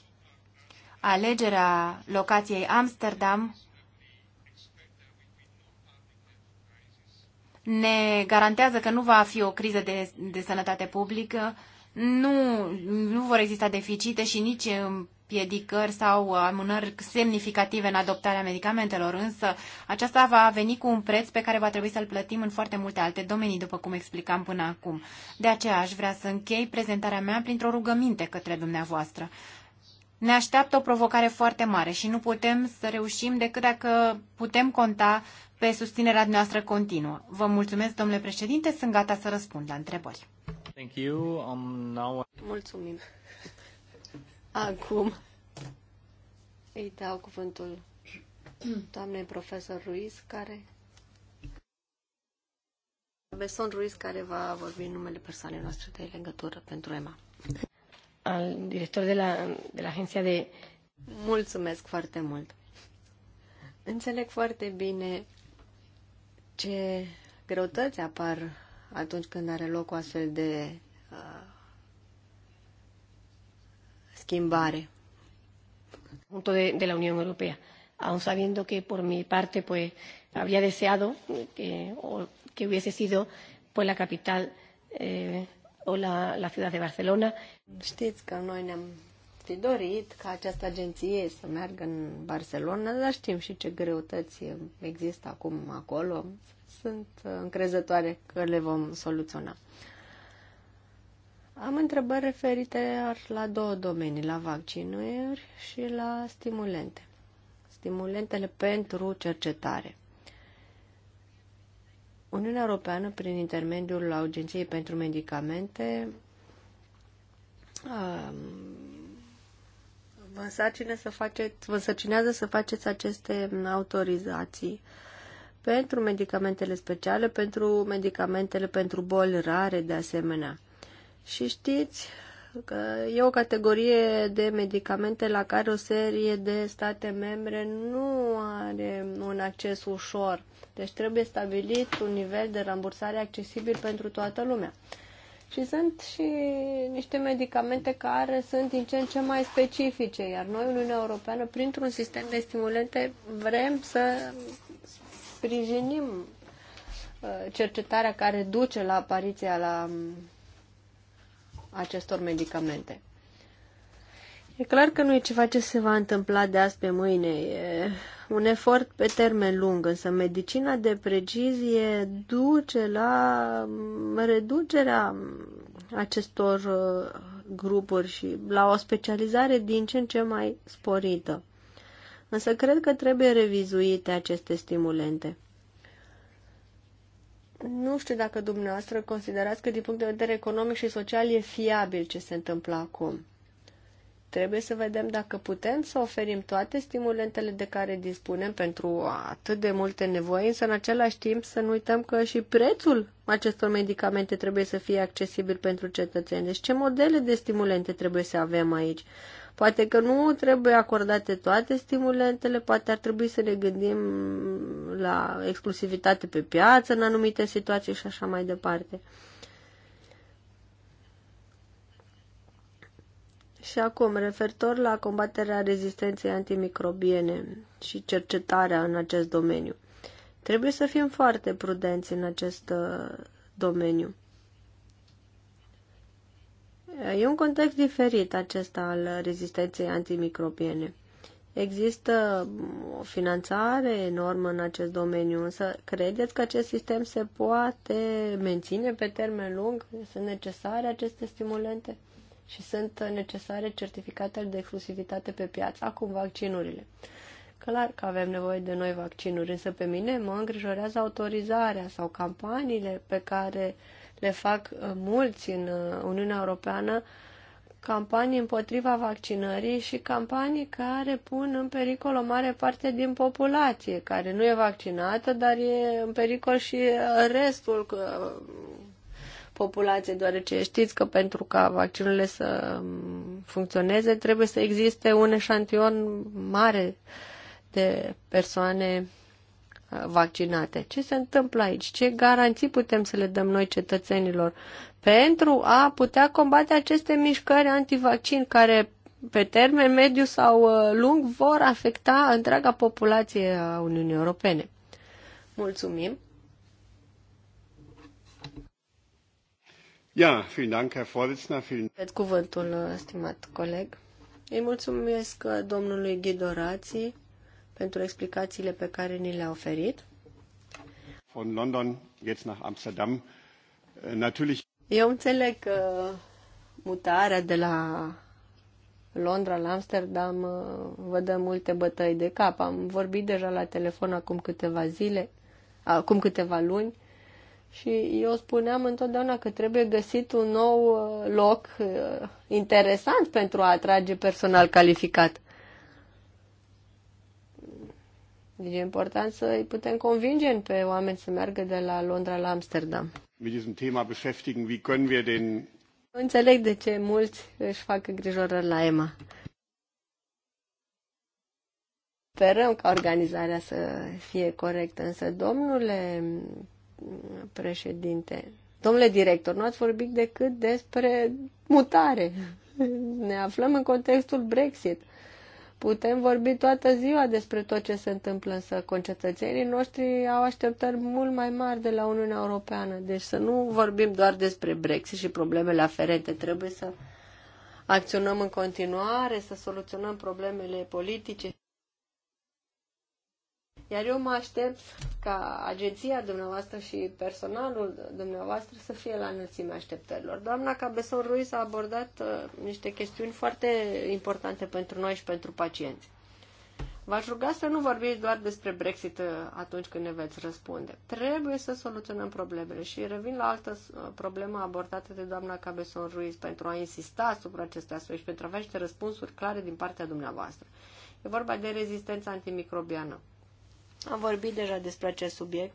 S4: alegerea locației Amsterdam ne garantează că nu va fi o criză de, de sănătate publică, nu, nu vor exista deficite și nici împiedicări sau amânări semnificative în adoptarea medicamentelor, însă aceasta va veni cu un preț pe care va trebui să-l plătim în foarte multe alte domenii, după cum explicam până acum. De aceea aș vrea să închei prezentarea mea printr-o rugăminte către dumneavoastră ne așteaptă o provocare foarte mare și nu putem să reușim decât dacă putem conta pe susținerea noastră continuă. Vă mulțumesc, domnule președinte, sunt gata să răspund la întrebări.
S1: Thank you. Um, now...
S3: Mulțumim. Acum îi dau cuvântul doamnei profesor Ruiz, care Beson Ruiz, care va vorbi în numele persoanei noastre de legătură pentru EMA al director de la, de la agenția de... Mulțumesc foarte mult! Înțeleg foarte bine ce greutăți apar atunci când are loc o astfel de uh, schimbare. Punto de, de la Unión Europea. Aun sabiendo que por mi parte pues habría deseado que, o, que hubiese sido pues la capital eh, o la, la ciudad de Barcelona. Știți că noi ne-am fi dorit ca această agenție să meargă în Barcelona, dar știm și ce greutăți există acum acolo. Sunt încrezătoare că le vom soluționa. Am întrebări referite la două domenii, la vaccinuri și la stimulente. Stimulentele pentru cercetare. Uniunea Europeană, prin intermediul Agenției pentru Medicamente, vă, să faceți, vă sărcinează să faceți aceste autorizații pentru medicamentele speciale, pentru medicamentele pentru boli rare, de asemenea. Și știți că e o categorie de medicamente la care o serie de state membre nu are un acces ușor deci trebuie stabilit un nivel de rambursare accesibil pentru toată lumea. Și sunt și niște medicamente care sunt din ce în ce mai specifice, iar noi, Uniunea Europeană, printr-un sistem de stimulente, vrem să sprijinim uh, cercetarea care duce la apariția la um, acestor medicamente. E clar că nu e ceva ce se va întâmpla de azi pe mâine. E un efort pe termen lung, însă medicina de precizie duce la reducerea acestor uh, grupuri și la o specializare din ce în ce mai sporită. Însă cred că trebuie revizuite aceste stimulente. Nu știu dacă dumneavoastră considerați că din punct de vedere economic și social e fiabil ce se întâmplă acum. Trebuie să vedem dacă putem să oferim toate stimulentele de care dispunem pentru atât de multe nevoi, însă în același timp să nu uităm că și prețul acestor medicamente trebuie să fie accesibil pentru cetățeni. Deci ce modele de stimulente trebuie să avem aici? Poate că nu trebuie acordate toate stimulentele, poate ar trebui să ne gândim la exclusivitate pe piață în anumite situații și așa mai departe. Și acum, referitor la combaterea rezistenței antimicrobiene și cercetarea în acest domeniu. Trebuie să fim foarte prudenți în acest uh, domeniu. E un context diferit acesta al rezistenței antimicrobiene. Există o finanțare enormă în acest domeniu, însă credeți că acest sistem se poate menține pe termen lung? Sunt necesare aceste stimulente? și sunt necesare certificatele de exclusivitate pe piață, acum vaccinurile. Clar că avem nevoie de noi vaccinuri, însă pe mine mă îngrijorează autorizarea sau campaniile pe care le fac uh, mulți în uh, Uniunea Europeană, campanii împotriva vaccinării și campanii care pun în pericol o mare parte din populație, care nu e vaccinată, dar e în pericol și restul uh, populație, deoarece știți că pentru ca vaccinurile să funcționeze trebuie să existe un eșantion mare de persoane uh, vaccinate. Ce se întâmplă aici? Ce garanții putem să le dăm noi cetățenilor pentru a putea combate aceste mișcări antivaccin care pe termen mediu sau uh, lung vor afecta întreaga populație a Uniunii Europene? Mulțumim!
S1: Ja, vielen Dank, Herr Vorsitzender. Vielen...
S3: cuvântul, stimat coleg. Îi mulțumesc domnului Ghidorații pentru explicațiile pe care ni le-a oferit.
S1: Von London jetzt nach Amsterdam. Äh, natürlich...
S3: Eu înțeleg că uh, mutarea de la Londra la Amsterdam uh, vă dă multe bătăi de cap. Am vorbit deja la telefon acum câteva zile, acum câteva luni și eu spuneam întotdeauna că trebuie găsit un nou uh, loc uh, interesant pentru a atrage personal calificat. Deci e important să îi putem convinge pe oameni să meargă de la Londra la Amsterdam.
S1: Mit diesem Thema beschäftigen, wie können wir den
S3: Înțeleg de ce mulți își fac îngrijorări la EMA. Sperăm ca organizarea să fie corectă, însă, domnule președinte. Domnule director, nu ați vorbit decât despre mutare. Ne aflăm în contextul Brexit. Putem vorbi toată ziua despre tot ce se întâmplă, însă concetățenii noștri au așteptări mult mai mari de la Uniunea Europeană. Deci să nu vorbim doar despre Brexit și problemele aferente. Trebuie să acționăm în continuare, să soluționăm problemele politice. Iar eu mă aștept ca agenția dumneavoastră și personalul dumneavoastră să fie la înălțimea așteptărilor. Doamna Cabeson Ruiz a abordat uh, niște chestiuni foarte importante pentru noi și pentru pacienți. V-aș ruga să nu vorbiți doar despre Brexit uh, atunci când ne veți răspunde. Trebuie să soluționăm problemele și revin la altă uh, problemă abordată de doamna Cabeson Ruiz pentru a insista asupra acestui aspect și pentru a avea niște răspunsuri clare din partea dumneavoastră. E vorba de rezistența antimicrobiană. Am vorbit deja despre acest subiect.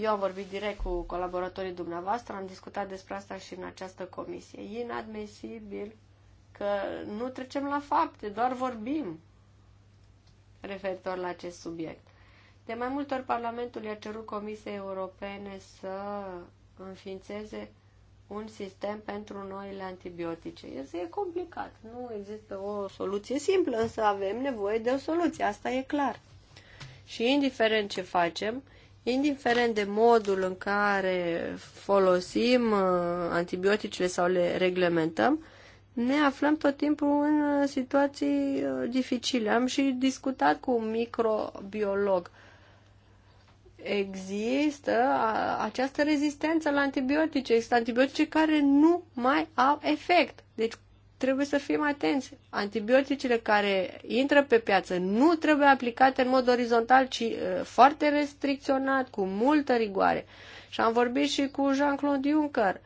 S3: Eu am vorbit direct cu colaboratorii dumneavoastră, am discutat despre asta și în această comisie. E inadmisibil că nu trecem la fapte, doar vorbim referitor la acest subiect. De mai multe ori Parlamentul i-a cerut Comisiei Europene să înființeze un sistem pentru noile antibiotice. Este e complicat, nu există o soluție simplă, însă avem nevoie de o soluție, asta e clar. Și indiferent ce facem, indiferent de modul în care folosim uh, antibioticele sau le reglementăm, ne aflăm tot timpul în uh, situații uh, dificile. Am și discutat cu un microbiolog. Există această rezistență la antibiotice. Există antibiotice care nu mai au efect. Deci trebuie să fim atenți. Antibioticele care intră pe piață nu trebuie aplicate în mod orizontal, ci uh, foarte restricționat, cu multă rigoare. Și am vorbit și cu Jean-Claude Juncker.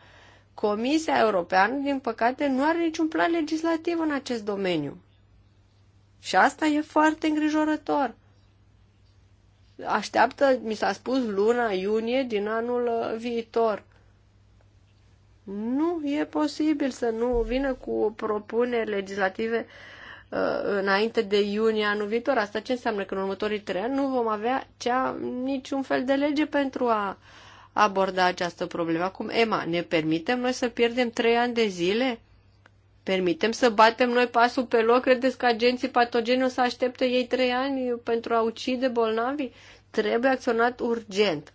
S3: Comisia Europeană, din păcate, nu are niciun plan legislativ în acest domeniu. Și asta e foarte îngrijorător. Așteaptă, mi s-a spus, luna iunie din anul uh, viitor nu e posibil să nu vină cu propuneri legislative uh, înainte de iunie anul viitor. Asta ce înseamnă? Că în următorii trei ani nu vom avea cea, niciun fel de lege pentru a aborda această problemă. Acum, Emma, ne permitem noi să pierdem trei ani de zile? Permitem să batem noi pasul pe loc? Credeți că agenții patogeni o să aștepte ei trei ani pentru a ucide bolnavii? Trebuie acționat urgent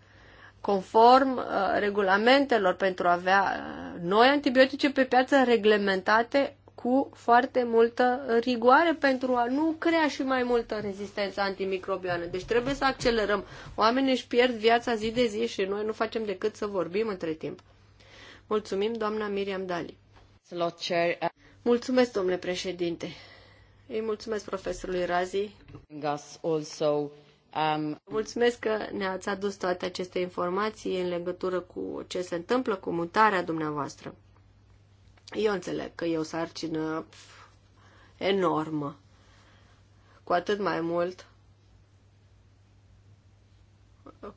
S3: conform uh, regulamentelor pentru a avea uh, noi antibiotice pe piață reglementate cu foarte multă rigoare pentru a nu crea și mai multă rezistență antimicrobiană. Deci trebuie să accelerăm. Oamenii își pierd viața zi de zi și noi nu facem decât să vorbim între timp. Mulțumim, doamna Miriam Dali. Mulțumesc, domnule președinte. Îi mulțumesc profesorului Razi. Mulțumesc că ne-ați adus toate aceste informații în legătură cu ce se întâmplă cu mutarea dumneavoastră. Eu înțeleg că e o sarcină enormă. Cu atât mai mult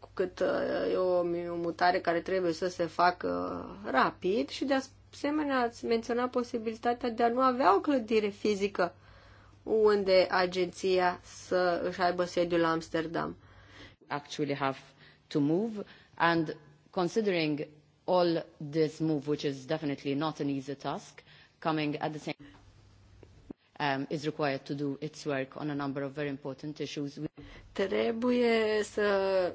S3: cu cât uh, e o mutare care trebuie să se facă rapid și de asemenea ați menționat posibilitatea de a nu avea o clădire fizică unde agenția să își aibă sediul la Amsterdam. Actually have to move and considering all this move which is definitely not an easy task coming
S2: at the same um, is required to do its work on a number of very important issues.
S3: Trebuie să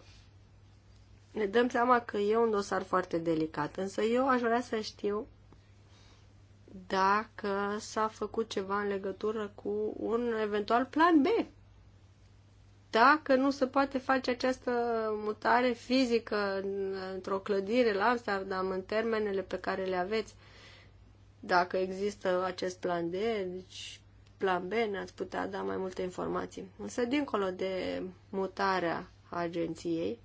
S3: ne dăm seama că e un dosar foarte delicat, însă eu aș vrea să știu dacă s-a făcut ceva în legătură cu un eventual plan B. Dacă nu se poate face această mutare fizică într-o clădire la Amsterdam în termenele pe care le aveți, dacă există acest plan D, deci plan B, ne-ați putea da mai multe informații. Însă, dincolo de mutarea agenției,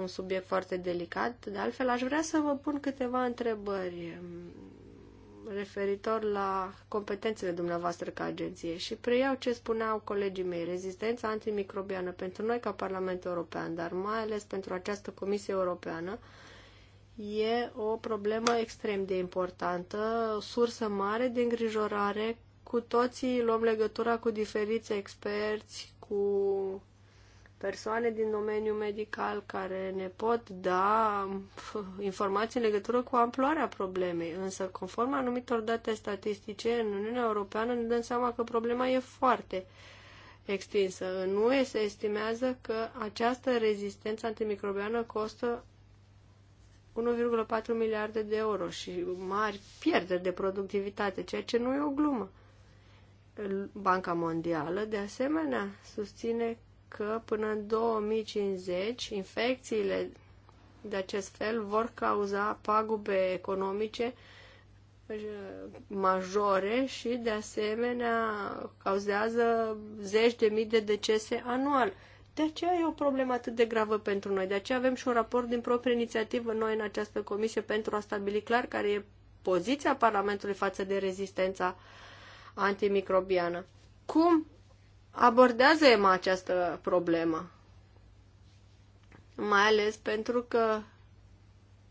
S3: un subiect foarte delicat. De altfel, aș vrea să vă pun câteva întrebări mm, referitor la competențele dumneavoastră ca agenție și preiau ce spuneau colegii mei, rezistența antimicrobiană pentru noi ca Parlament European, dar mai ales pentru această Comisie Europeană, e o problemă extrem de importantă, o sursă mare de îngrijorare. Cu toții luăm legătura cu diferiți experți, cu persoane din domeniul medical care ne pot da informații în legătură cu amploarea problemei, însă conform anumitor date statistice în Uniunea Europeană ne dăm seama că problema e foarte extinsă. În UE se estimează că această rezistență antimicrobiană costă 1,4 miliarde de euro și mari pierderi de productivitate, ceea ce nu e o glumă. Banca Mondială, de asemenea, susține că până în 2050 infecțiile de acest fel vor cauza pagube economice eh, majore și de asemenea cauzează zeci de mii de decese anual. De aceea e o problemă atât de gravă pentru noi. De aceea avem și un raport din proprie inițiativă noi în această comisie pentru a stabili clar care e poziția Parlamentului față de rezistența antimicrobiană. Cum abordează Emma această problemă. Mai ales pentru că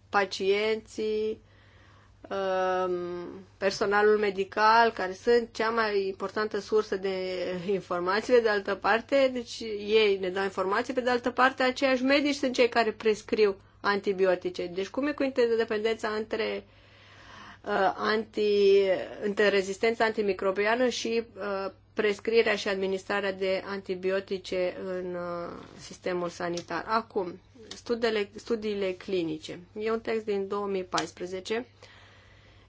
S3: pacienții, um, personalul medical, care sunt cea mai importantă sursă de informații, pe de altă parte, deci ei ne dau informații, pe de altă parte, aceiași medici sunt cei care prescriu antibiotice. Deci cum e cu interdependența între uh, anti, între rezistența antimicrobiană și uh, prescrierea și administrarea de antibiotice în uh, sistemul sanitar. Acum, studiile, studiile clinice. E un text din 2014.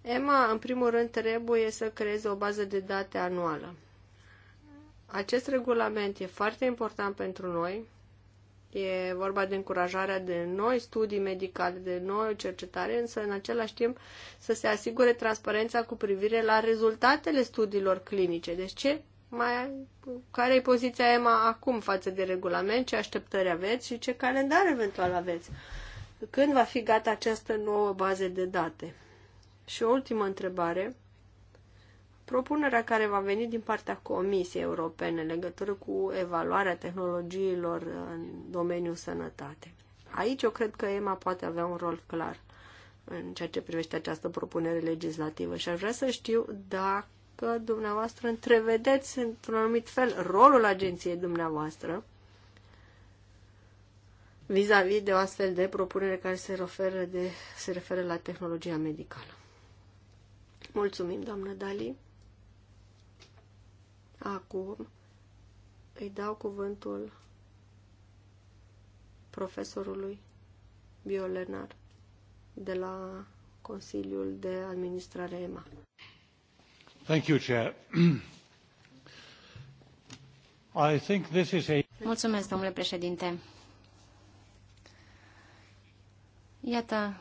S3: EMA, în primul rând, trebuie să creeze o bază de date anuală. Acest regulament e foarte important pentru noi. E vorba de încurajarea de noi studii medicale, de noi cercetare, însă în același timp să se asigure transparența cu privire la rezultatele studiilor clinice. Deci ce mai, care e poziția EMA acum față de regulament, ce așteptări aveți și ce calendar eventual aveți. Când va fi gata această nouă bază de date? Și o ultimă întrebare. Propunerea care va veni din partea Comisiei Europene în legătură cu evaluarea tehnologiilor în domeniul sănătate. Aici eu cred că EMA poate avea un rol clar în ceea ce privește această propunere legislativă și aș vrea să știu dacă că dumneavoastră întrevedeți într-un anumit fel rolul agenției dumneavoastră vis-a-vis -vis de o astfel de propunere care se referă, de, se referă la tehnologia medicală. Mulțumim, doamnă Dali. Acum îi dau cuvântul profesorului Biolenar de la Consiliul de Administrare EMA.
S2: Mulțumesc, domnule președinte. Iată,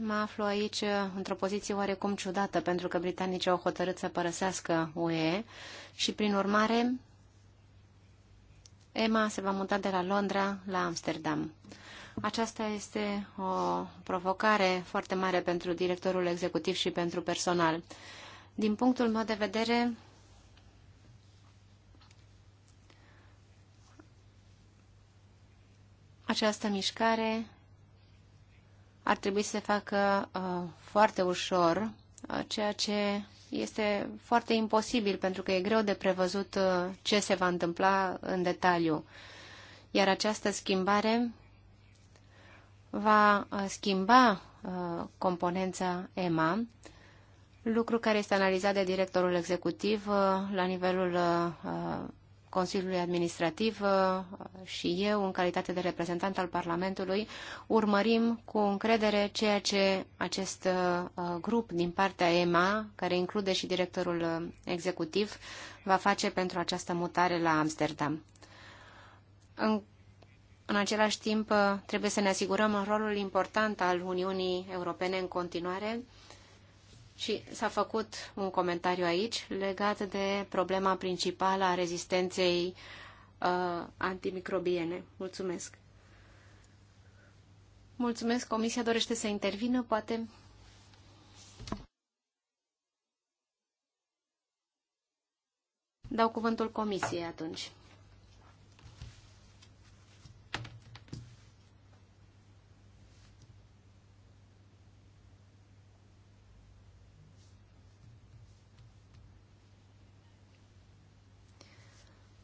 S2: mă aflu aici uh, într-o poziție oarecum ciudată, pentru că britanicii au hotărât să părăsească UE și, prin urmare, Emma se va muta de la Londra la Amsterdam. Aceasta este o provocare foarte mare pentru directorul executiv și pentru personal. Din punctul meu de vedere, această mișcare ar trebui să se facă uh, foarte ușor, uh, ceea ce este foarte imposibil pentru că e greu de prevăzut uh, ce se va întâmpla în detaliu. Iar această schimbare va uh, schimba uh, componența EMA lucru care este analizat de directorul executiv uh, la nivelul uh, uh, Consiliului Administrativ și eu, în calitate de reprezentant al Parlamentului, urmărim cu încredere ceea ce acest grup din partea EMA, care include și directorul executiv, va face pentru această mutare la Amsterdam. În în același timp, trebuie să ne asigurăm rolul important al Uniunii Europene în continuare și s-a făcut un comentariu aici legat de problema principală a rezistenței uh, antimicrobiene. Mulțumesc. Mulțumesc. Comisia dorește să intervină, poate? Dau cuvântul comisiei atunci.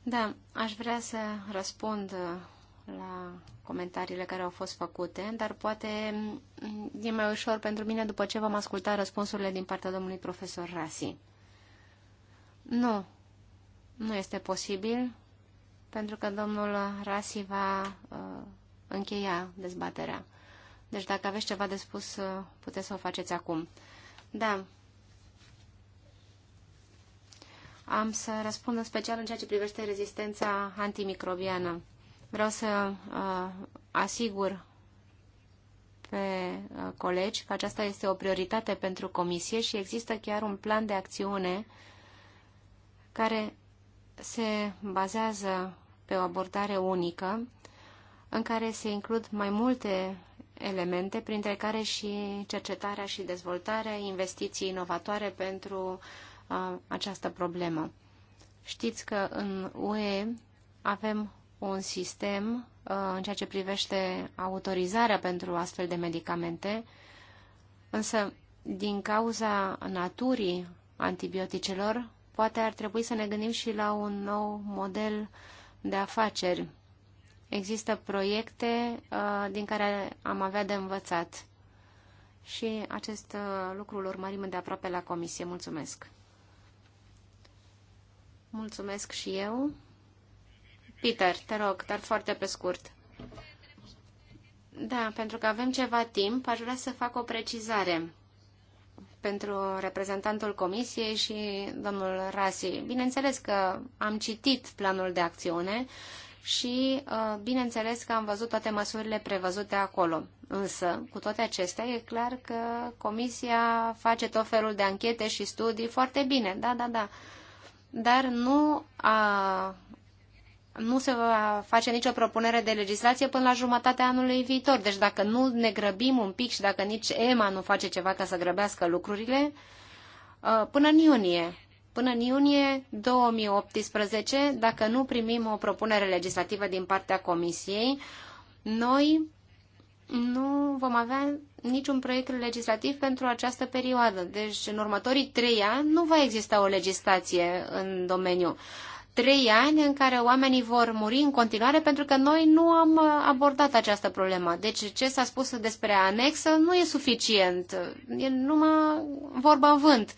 S2: Da, aș vrea să răspund uh, la comentariile care au fost făcute, dar poate mm, e mai ușor pentru mine după ce vom asculta răspunsurile din partea domnului profesor Rasi. Nu, nu este posibil, pentru că domnul Rasi va uh, încheia dezbaterea. Deci dacă aveți ceva de spus, uh, puteți să o faceți acum. Da, Am să răspund în special în ceea ce privește rezistența antimicrobiană. Vreau să uh, asigur pe uh, colegi că aceasta este o prioritate pentru comisie și există chiar un plan de acțiune care se bazează pe o abordare unică în care se includ mai multe elemente, printre care și cercetarea și dezvoltarea, investiții inovatoare pentru uh, această problemă. Știți că în UE avem un sistem în ceea ce privește autorizarea pentru astfel de medicamente, însă din cauza naturii antibioticelor, poate ar trebui să ne gândim și la un nou model de afaceri. Există proiecte uh, din care am avea de învățat și acest uh, lucru îl urmărim de aproape la comisie. Mulțumesc! Mulțumesc și eu. Peter, te rog, dar foarte pe scurt. Da, pentru că avem ceva timp, aș vrea să fac o precizare pentru reprezentantul comisiei și domnul Rasi. Bineînțeles că am citit planul de acțiune și uh, bineînțeles că am văzut toate măsurile prevăzute acolo. Însă, cu toate acestea, e clar că comisia face tot felul de anchete și studii foarte bine. Da, da, da dar nu, a, nu se va face nicio propunere de legislație până la jumătatea anului viitor. Deci dacă nu ne grăbim un pic și dacă nici EMA nu face ceva ca să grăbească lucrurile, până în iunie, până în iunie 2018, dacă nu primim o propunere legislativă din partea Comisiei, noi nu vom avea niciun proiect legislativ pentru această perioadă. Deci, în următorii trei ani nu va exista o legislație în domeniu. Trei ani în care oamenii vor muri în continuare pentru că noi nu am abordat această problemă. Deci, ce s-a spus despre anexă nu e suficient. E numai vorba în vânt.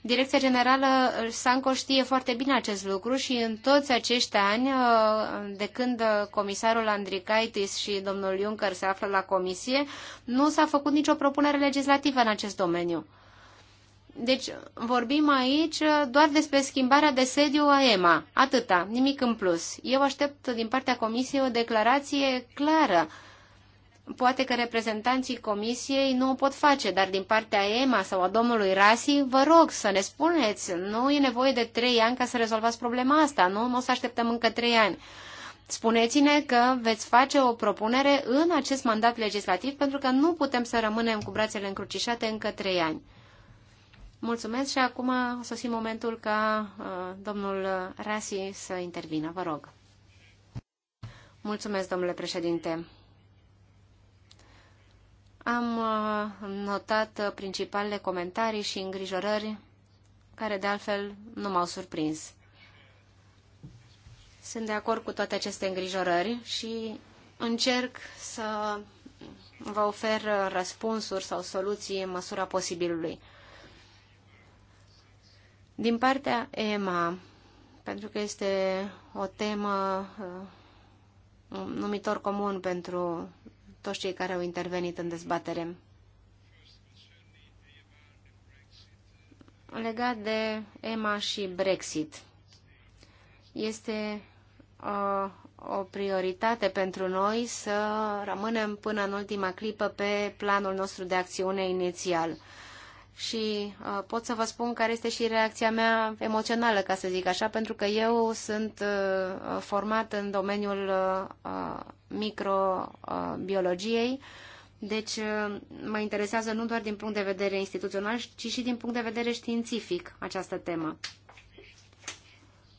S2: Direcția Generală Sanco știe foarte bine acest lucru și în toți acești ani, uh, de când uh, comisarul Andricaitis și domnul Juncker se află la comisie, nu s-a făcut nicio propunere legislativă în acest domeniu. Deci vorbim aici uh, doar despre schimbarea de sediu a EMA. Atâta, nimic în plus. Eu aștept din partea Comisiei o declarație clară Poate că reprezentanții comisiei nu o pot face, dar din partea EMA sau a domnului Rasi, vă rog să ne spuneți, nu e nevoie de trei ani ca să rezolvați problema asta, nu, nu o să așteptăm încă trei ani. Spuneți-ne că veți face o propunere în acest mandat legislativ, pentru că nu putem să rămânem cu brațele încrucișate încă trei ani. Mulțumesc și acum o să simt momentul ca uh, domnul Rasi să intervină. Vă rog. Mulțumesc, domnule președinte. Am uh, notat uh, principalele comentarii și îngrijorări care de altfel nu m-au surprins. Sunt de acord cu toate aceste îngrijorări și încerc să vă ofer uh, răspunsuri sau soluții în măsura posibilului. Din partea EMA, pentru că este o temă numitor comun pentru toți cei care au intervenit în dezbatere. Legat de EMA și Brexit, este o, uh, o prioritate pentru noi să rămânem până în ultima clipă pe planul nostru de acțiune inițial. Și uh, pot să vă spun care este și reacția mea emoțională, ca să zic așa, pentru că eu sunt uh, format în domeniul uh, uh microbiologiei. Deci uh, mă interesează nu doar din punct de vedere instituțional, ci și din punct de vedere științific această temă.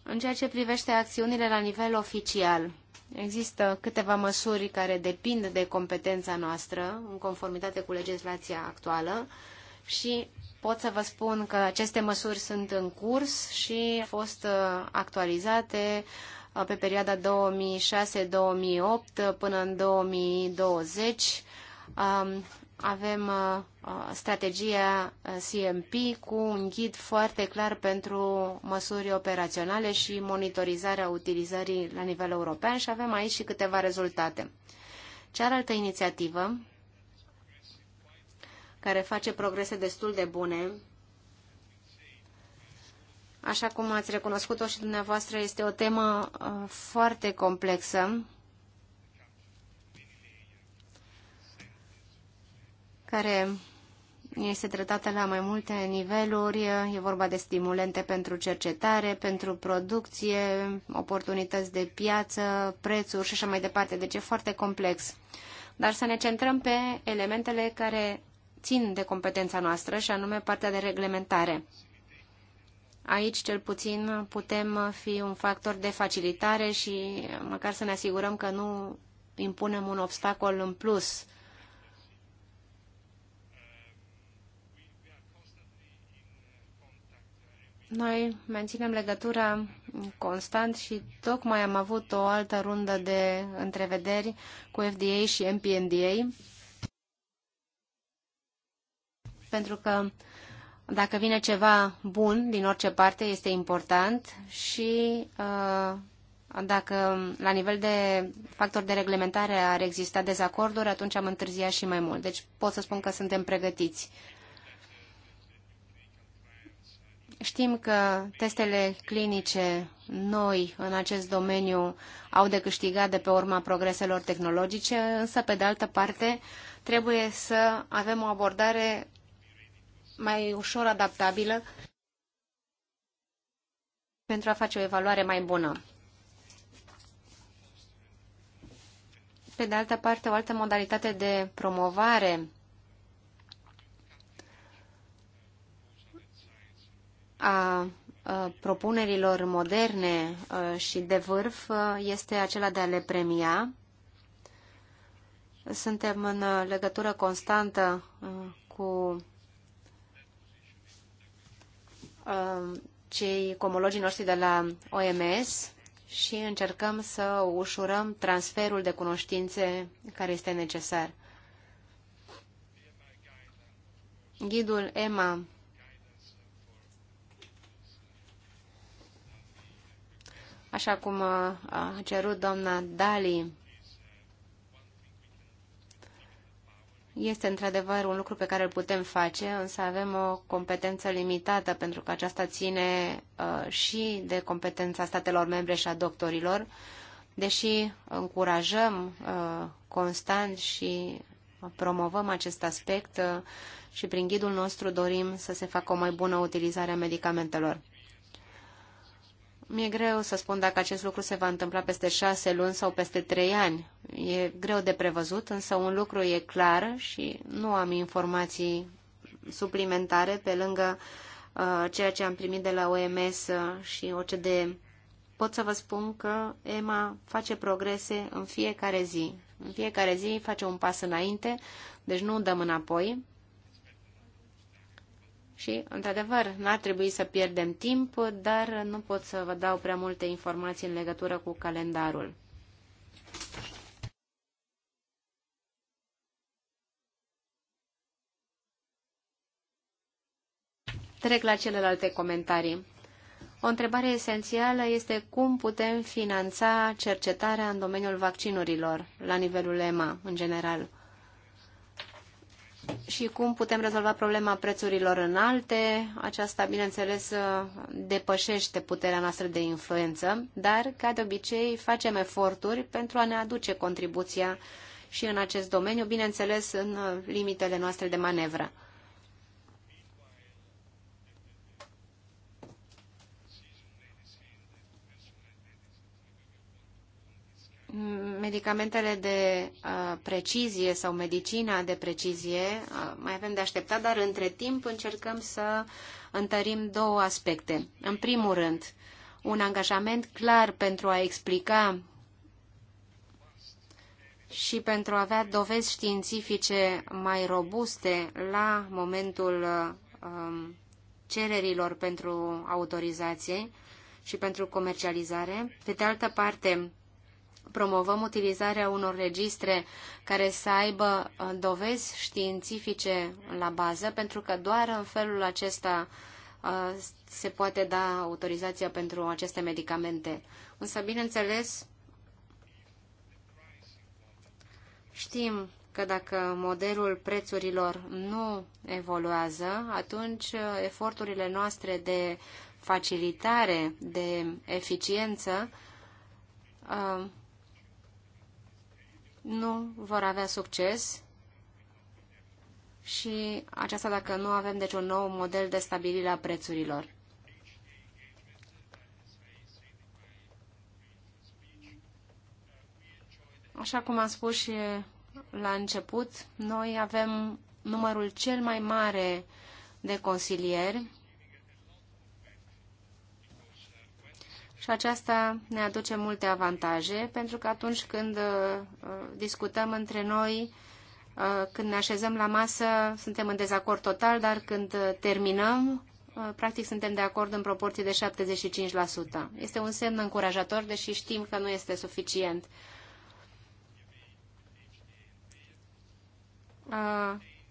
S2: În ceea ce privește acțiunile la nivel oficial, există câteva măsuri care depind de competența noastră, în conformitate cu legislația actuală, și pot să vă spun că aceste măsuri sunt în curs și au fost uh, actualizate, pe perioada 2006-2008 până în 2020. Avem strategia CMP cu un ghid foarte clar pentru măsuri operaționale și monitorizarea utilizării la nivel european și avem aici și câteva rezultate. Cealaltă inițiativă care face progrese destul de bune Așa cum ați recunoscut-o și dumneavoastră, este o temă uh, foarte complexă care este tratată la mai multe niveluri. E vorba de stimulente pentru cercetare, pentru producție, oportunități de piață, prețuri și așa mai departe. Deci e foarte complex. Dar să ne centrăm pe elementele care țin de competența noastră și anume partea de reglementare. Aici, cel puțin, putem fi un factor de facilitare și măcar să ne asigurăm că nu impunem un obstacol în plus. Noi menținem legătura constant și tocmai am avut o altă rundă de întrevederi cu FDA și MPNDA pentru că dacă vine ceva bun din orice parte, este important și uh, dacă la nivel de factor de reglementare ar exista dezacorduri, atunci am întârziat și mai mult. Deci pot să spun că suntem pregătiți. Știm că testele clinice noi în acest domeniu au de câștigat de pe urma progreselor tehnologice, însă, pe de altă parte, trebuie să avem o abordare mai ușor adaptabilă pentru a face o evaluare mai bună. Pe de altă parte, o altă modalitate de promovare a propunerilor moderne și de vârf este acela de a le premia. Suntem în legătură constantă cu Um, cei comologii noștri de la OMS și încercăm să ușurăm transferul de cunoștințe care este necesar. Ghidul EMA așa cum a cerut doamna Dali Este într-adevăr un lucru pe care îl putem face, însă avem o competență limitată pentru că aceasta ține uh, și de competența statelor membre și a doctorilor, deși încurajăm uh, constant și promovăm acest aspect uh, și prin ghidul nostru dorim să se facă o mai bună utilizare a medicamentelor mi-e greu să spun dacă acest lucru se va întâmpla peste șase luni sau peste trei ani. E greu de prevăzut, însă un lucru e clar și nu am informații suplimentare pe lângă uh, ceea ce am primit de la OMS uh, și OCDE. Pot să vă spun că EMA face progrese în fiecare zi. În fiecare zi face un pas înainte, deci nu dăm înapoi și, într-adevăr, n-ar trebui să pierdem timp, dar nu pot să vă dau prea multe informații în legătură cu calendarul. Trec la celelalte comentarii. O întrebare esențială este cum putem finanța cercetarea în domeniul vaccinurilor, la nivelul EMA, în general și cum putem rezolva problema prețurilor înalte. Aceasta, bineînțeles, depășește puterea noastră de influență, dar, ca de obicei, facem eforturi pentru a ne aduce contribuția și în acest domeniu, bineînțeles, în limitele noastre de manevră. medicamentele de uh, precizie sau medicina de precizie uh, mai avem de așteptat, dar între timp încercăm să întărim două aspecte. În primul rând, un angajament clar pentru a explica și pentru a avea dovezi științifice mai robuste la momentul uh, um, cererilor pentru autorizație și pentru comercializare. Pe de altă parte, promovăm utilizarea unor registre care să aibă uh, dovezi științifice la bază, pentru că doar în felul acesta uh, se poate da autorizația pentru aceste medicamente. Însă, bineînțeles, știm că dacă modelul prețurilor nu evoluează, atunci uh, eforturile noastre de facilitare, de eficiență, nu vor avea succes și aceasta dacă nu avem deci un nou model de stabilire a prețurilor. Așa cum am spus și la început, noi avem numărul cel mai mare de consilieri Și aceasta ne aduce multe avantaje, pentru că atunci când uh, discutăm între noi, uh, când ne așezăm la masă, suntem în dezacord total, dar când uh, terminăm, practic suntem de acord în proporție de 75%. Este un semn încurajator, deși știm că nu este suficient.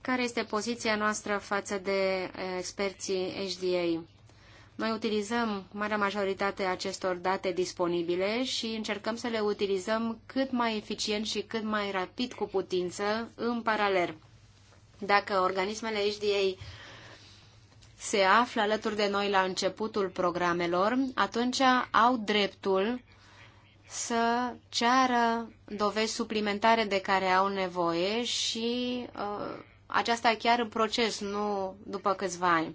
S2: Care este poziția noastră față de experții HDA? Noi utilizăm marea majoritate a acestor date disponibile și încercăm să le utilizăm cât mai eficient și cât mai rapid cu putință în paralel. Dacă organismele HDA se află alături de noi la începutul programelor, atunci au dreptul să ceară dovezi suplimentare de care au nevoie și uh, aceasta chiar în proces, nu după câțiva ani.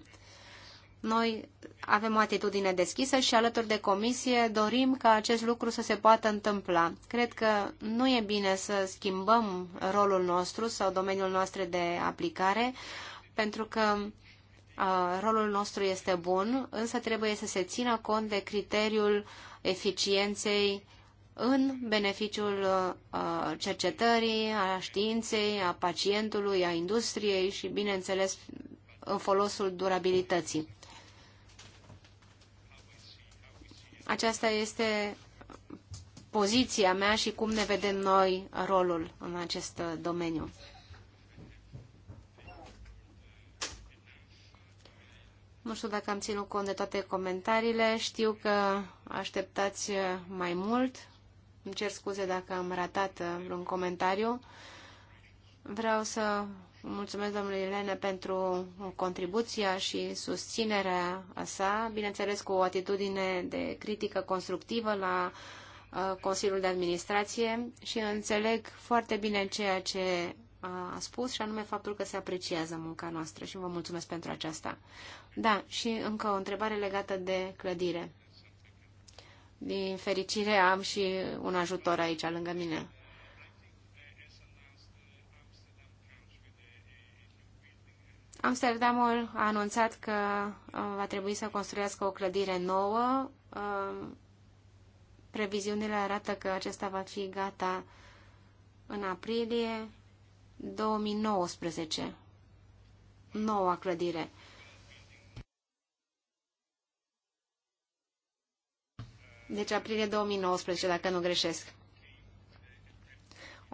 S2: Noi avem o atitudine deschisă și alături de comisie dorim ca acest lucru să se poată întâmpla. Cred că nu e bine să schimbăm rolul nostru sau domeniul nostru de aplicare, pentru că rolul nostru este bun, însă trebuie să se țină cont de criteriul eficienței în beneficiul cercetării, a științei, a pacientului, a industriei și, bineînțeles, în folosul durabilității. Aceasta este poziția mea și cum ne vedem noi rolul în acest domeniu. Nu știu dacă am ținut cont de toate comentariile. Știu că așteptați mai mult. Îmi cer scuze dacă am ratat vreun comentariu. Vreau să Mulțumesc, domnului Elene, pentru contribuția și susținerea sa, bineînțeles cu o atitudine de critică constructivă la uh, Consiliul de Administrație și înțeleg foarte bine ceea ce uh, a spus și anume faptul că se apreciază munca noastră și vă mulțumesc pentru aceasta. Da, și încă o întrebare legată de clădire. Din fericire am și un ajutor aici lângă mine. Amsterdamul a anunțat că uh, va trebui să construiască o clădire nouă. Uh, previziunile arată că acesta va fi gata în aprilie 2019. Noua clădire. Deci aprilie 2019, dacă nu greșesc.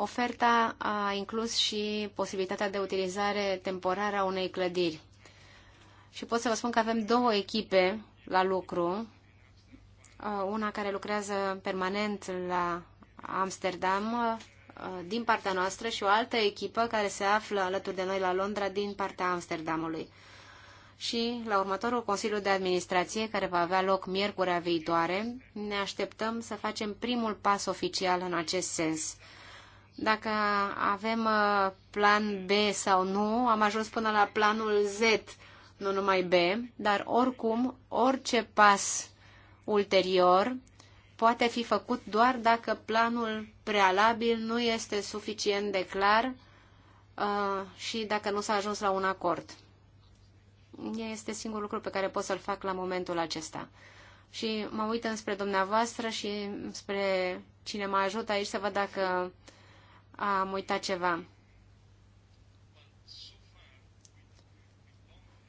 S2: Oferta a inclus și posibilitatea de utilizare temporară a unei clădiri. Și pot să vă spun că avem două echipe la lucru, uh, una care lucrează permanent la Amsterdam uh, din partea noastră și o altă echipă care se află alături de noi la Londra din partea Amsterdamului. Și la următorul Consiliu de Administrație, care va avea loc miercurea viitoare, ne așteptăm să facem primul pas oficial în acest sens dacă avem uh, plan B sau nu, am ajuns până la planul Z, nu numai B, dar oricum, orice pas ulterior poate fi făcut doar dacă planul prealabil nu este suficient de clar uh, și dacă nu s-a ajuns la un acord. Este singurul lucru pe care pot să-l fac la momentul acesta. Și mă uit înspre dumneavoastră și spre cine mă ajută aici să văd dacă uh, am uitat ceva.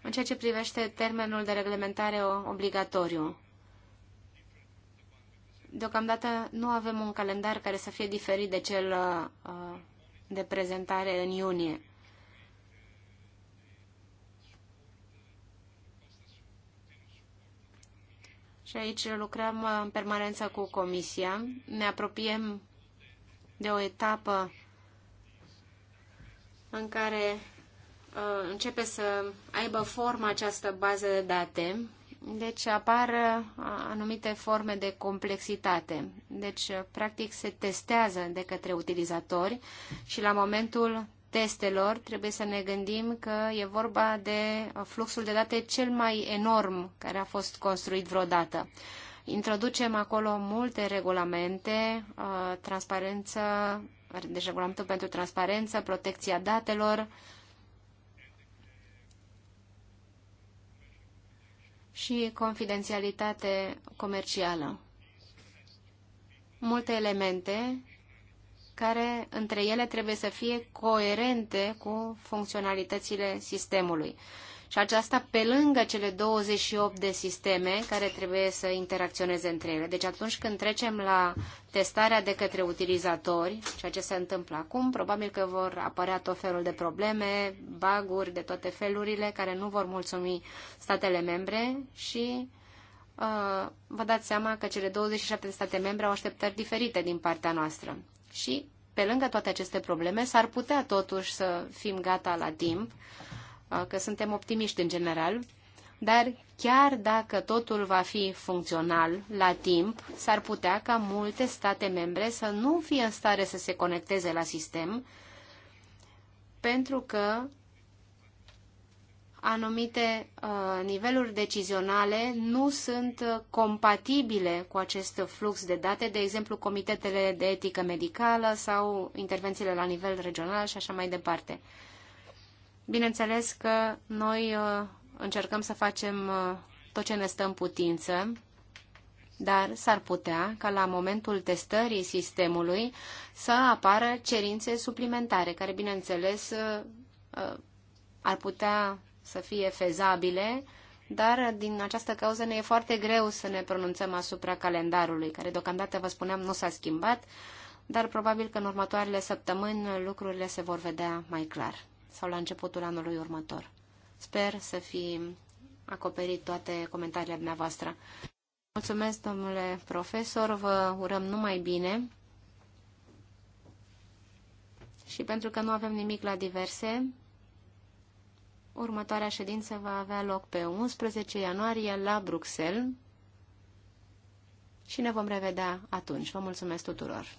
S2: În ceea ce privește termenul de reglementare obligatoriu, deocamdată nu avem un calendar care să fie diferit de cel uh, uh, de prezentare în iunie. Și aici lucrăm uh, în permanență cu Comisia. Ne apropiem de o etapă în care uh, începe să aibă formă această bază de date, deci apar uh, anumite forme de complexitate. Deci, uh, practic, se testează de către utilizatori și la momentul testelor trebuie să ne gândim că e vorba de fluxul de date cel mai enorm care a fost construit vreodată. Introducem acolo multe regulamente, uh, transparență, deci regulamentul pentru transparență, protecția datelor și confidențialitate comercială. Multe elemente care între ele trebuie să fie coerente cu funcționalitățile sistemului. Și aceasta pe lângă cele 28 de sisteme care trebuie să interacționeze între ele. Deci atunci când trecem la testarea de către utilizatori, ceea ce se întâmplă acum, probabil că vor apărea tot felul de probleme, baguri de toate felurile care nu vor mulțumi statele membre și uh, vă dați seama că cele 27 de state membre au așteptări diferite din partea noastră. Și pe lângă toate aceste probleme, s-ar putea totuși să fim gata la timp că suntem optimiști în general, dar chiar dacă totul va fi funcțional la timp, s-ar putea ca multe state membre să nu fie în stare să se conecteze la sistem, pentru că anumite uh, niveluri decizionale nu sunt compatibile cu acest flux de date, de exemplu comitetele de etică medicală sau intervențiile la nivel regional și așa mai departe. Bineînțeles că noi uh, încercăm să facem uh, tot ce ne stă în putință, dar s-ar putea ca la momentul testării sistemului să apară cerințe suplimentare, care, bineînțeles, uh, ar putea să fie fezabile, dar din această cauză ne e foarte greu să ne pronunțăm asupra calendarului, care deocamdată, vă spuneam, nu s-a schimbat, dar probabil că în următoarele săptămâni lucrurile se vor vedea mai clar sau la începutul anului următor. Sper să fi acoperit toate comentariile dumneavoastră. Mulțumesc, domnule profesor, vă urăm numai bine și pentru că nu avem nimic la diverse, următoarea ședință va avea loc pe 11 ianuarie la Bruxelles și ne vom revedea atunci. Vă mulțumesc tuturor!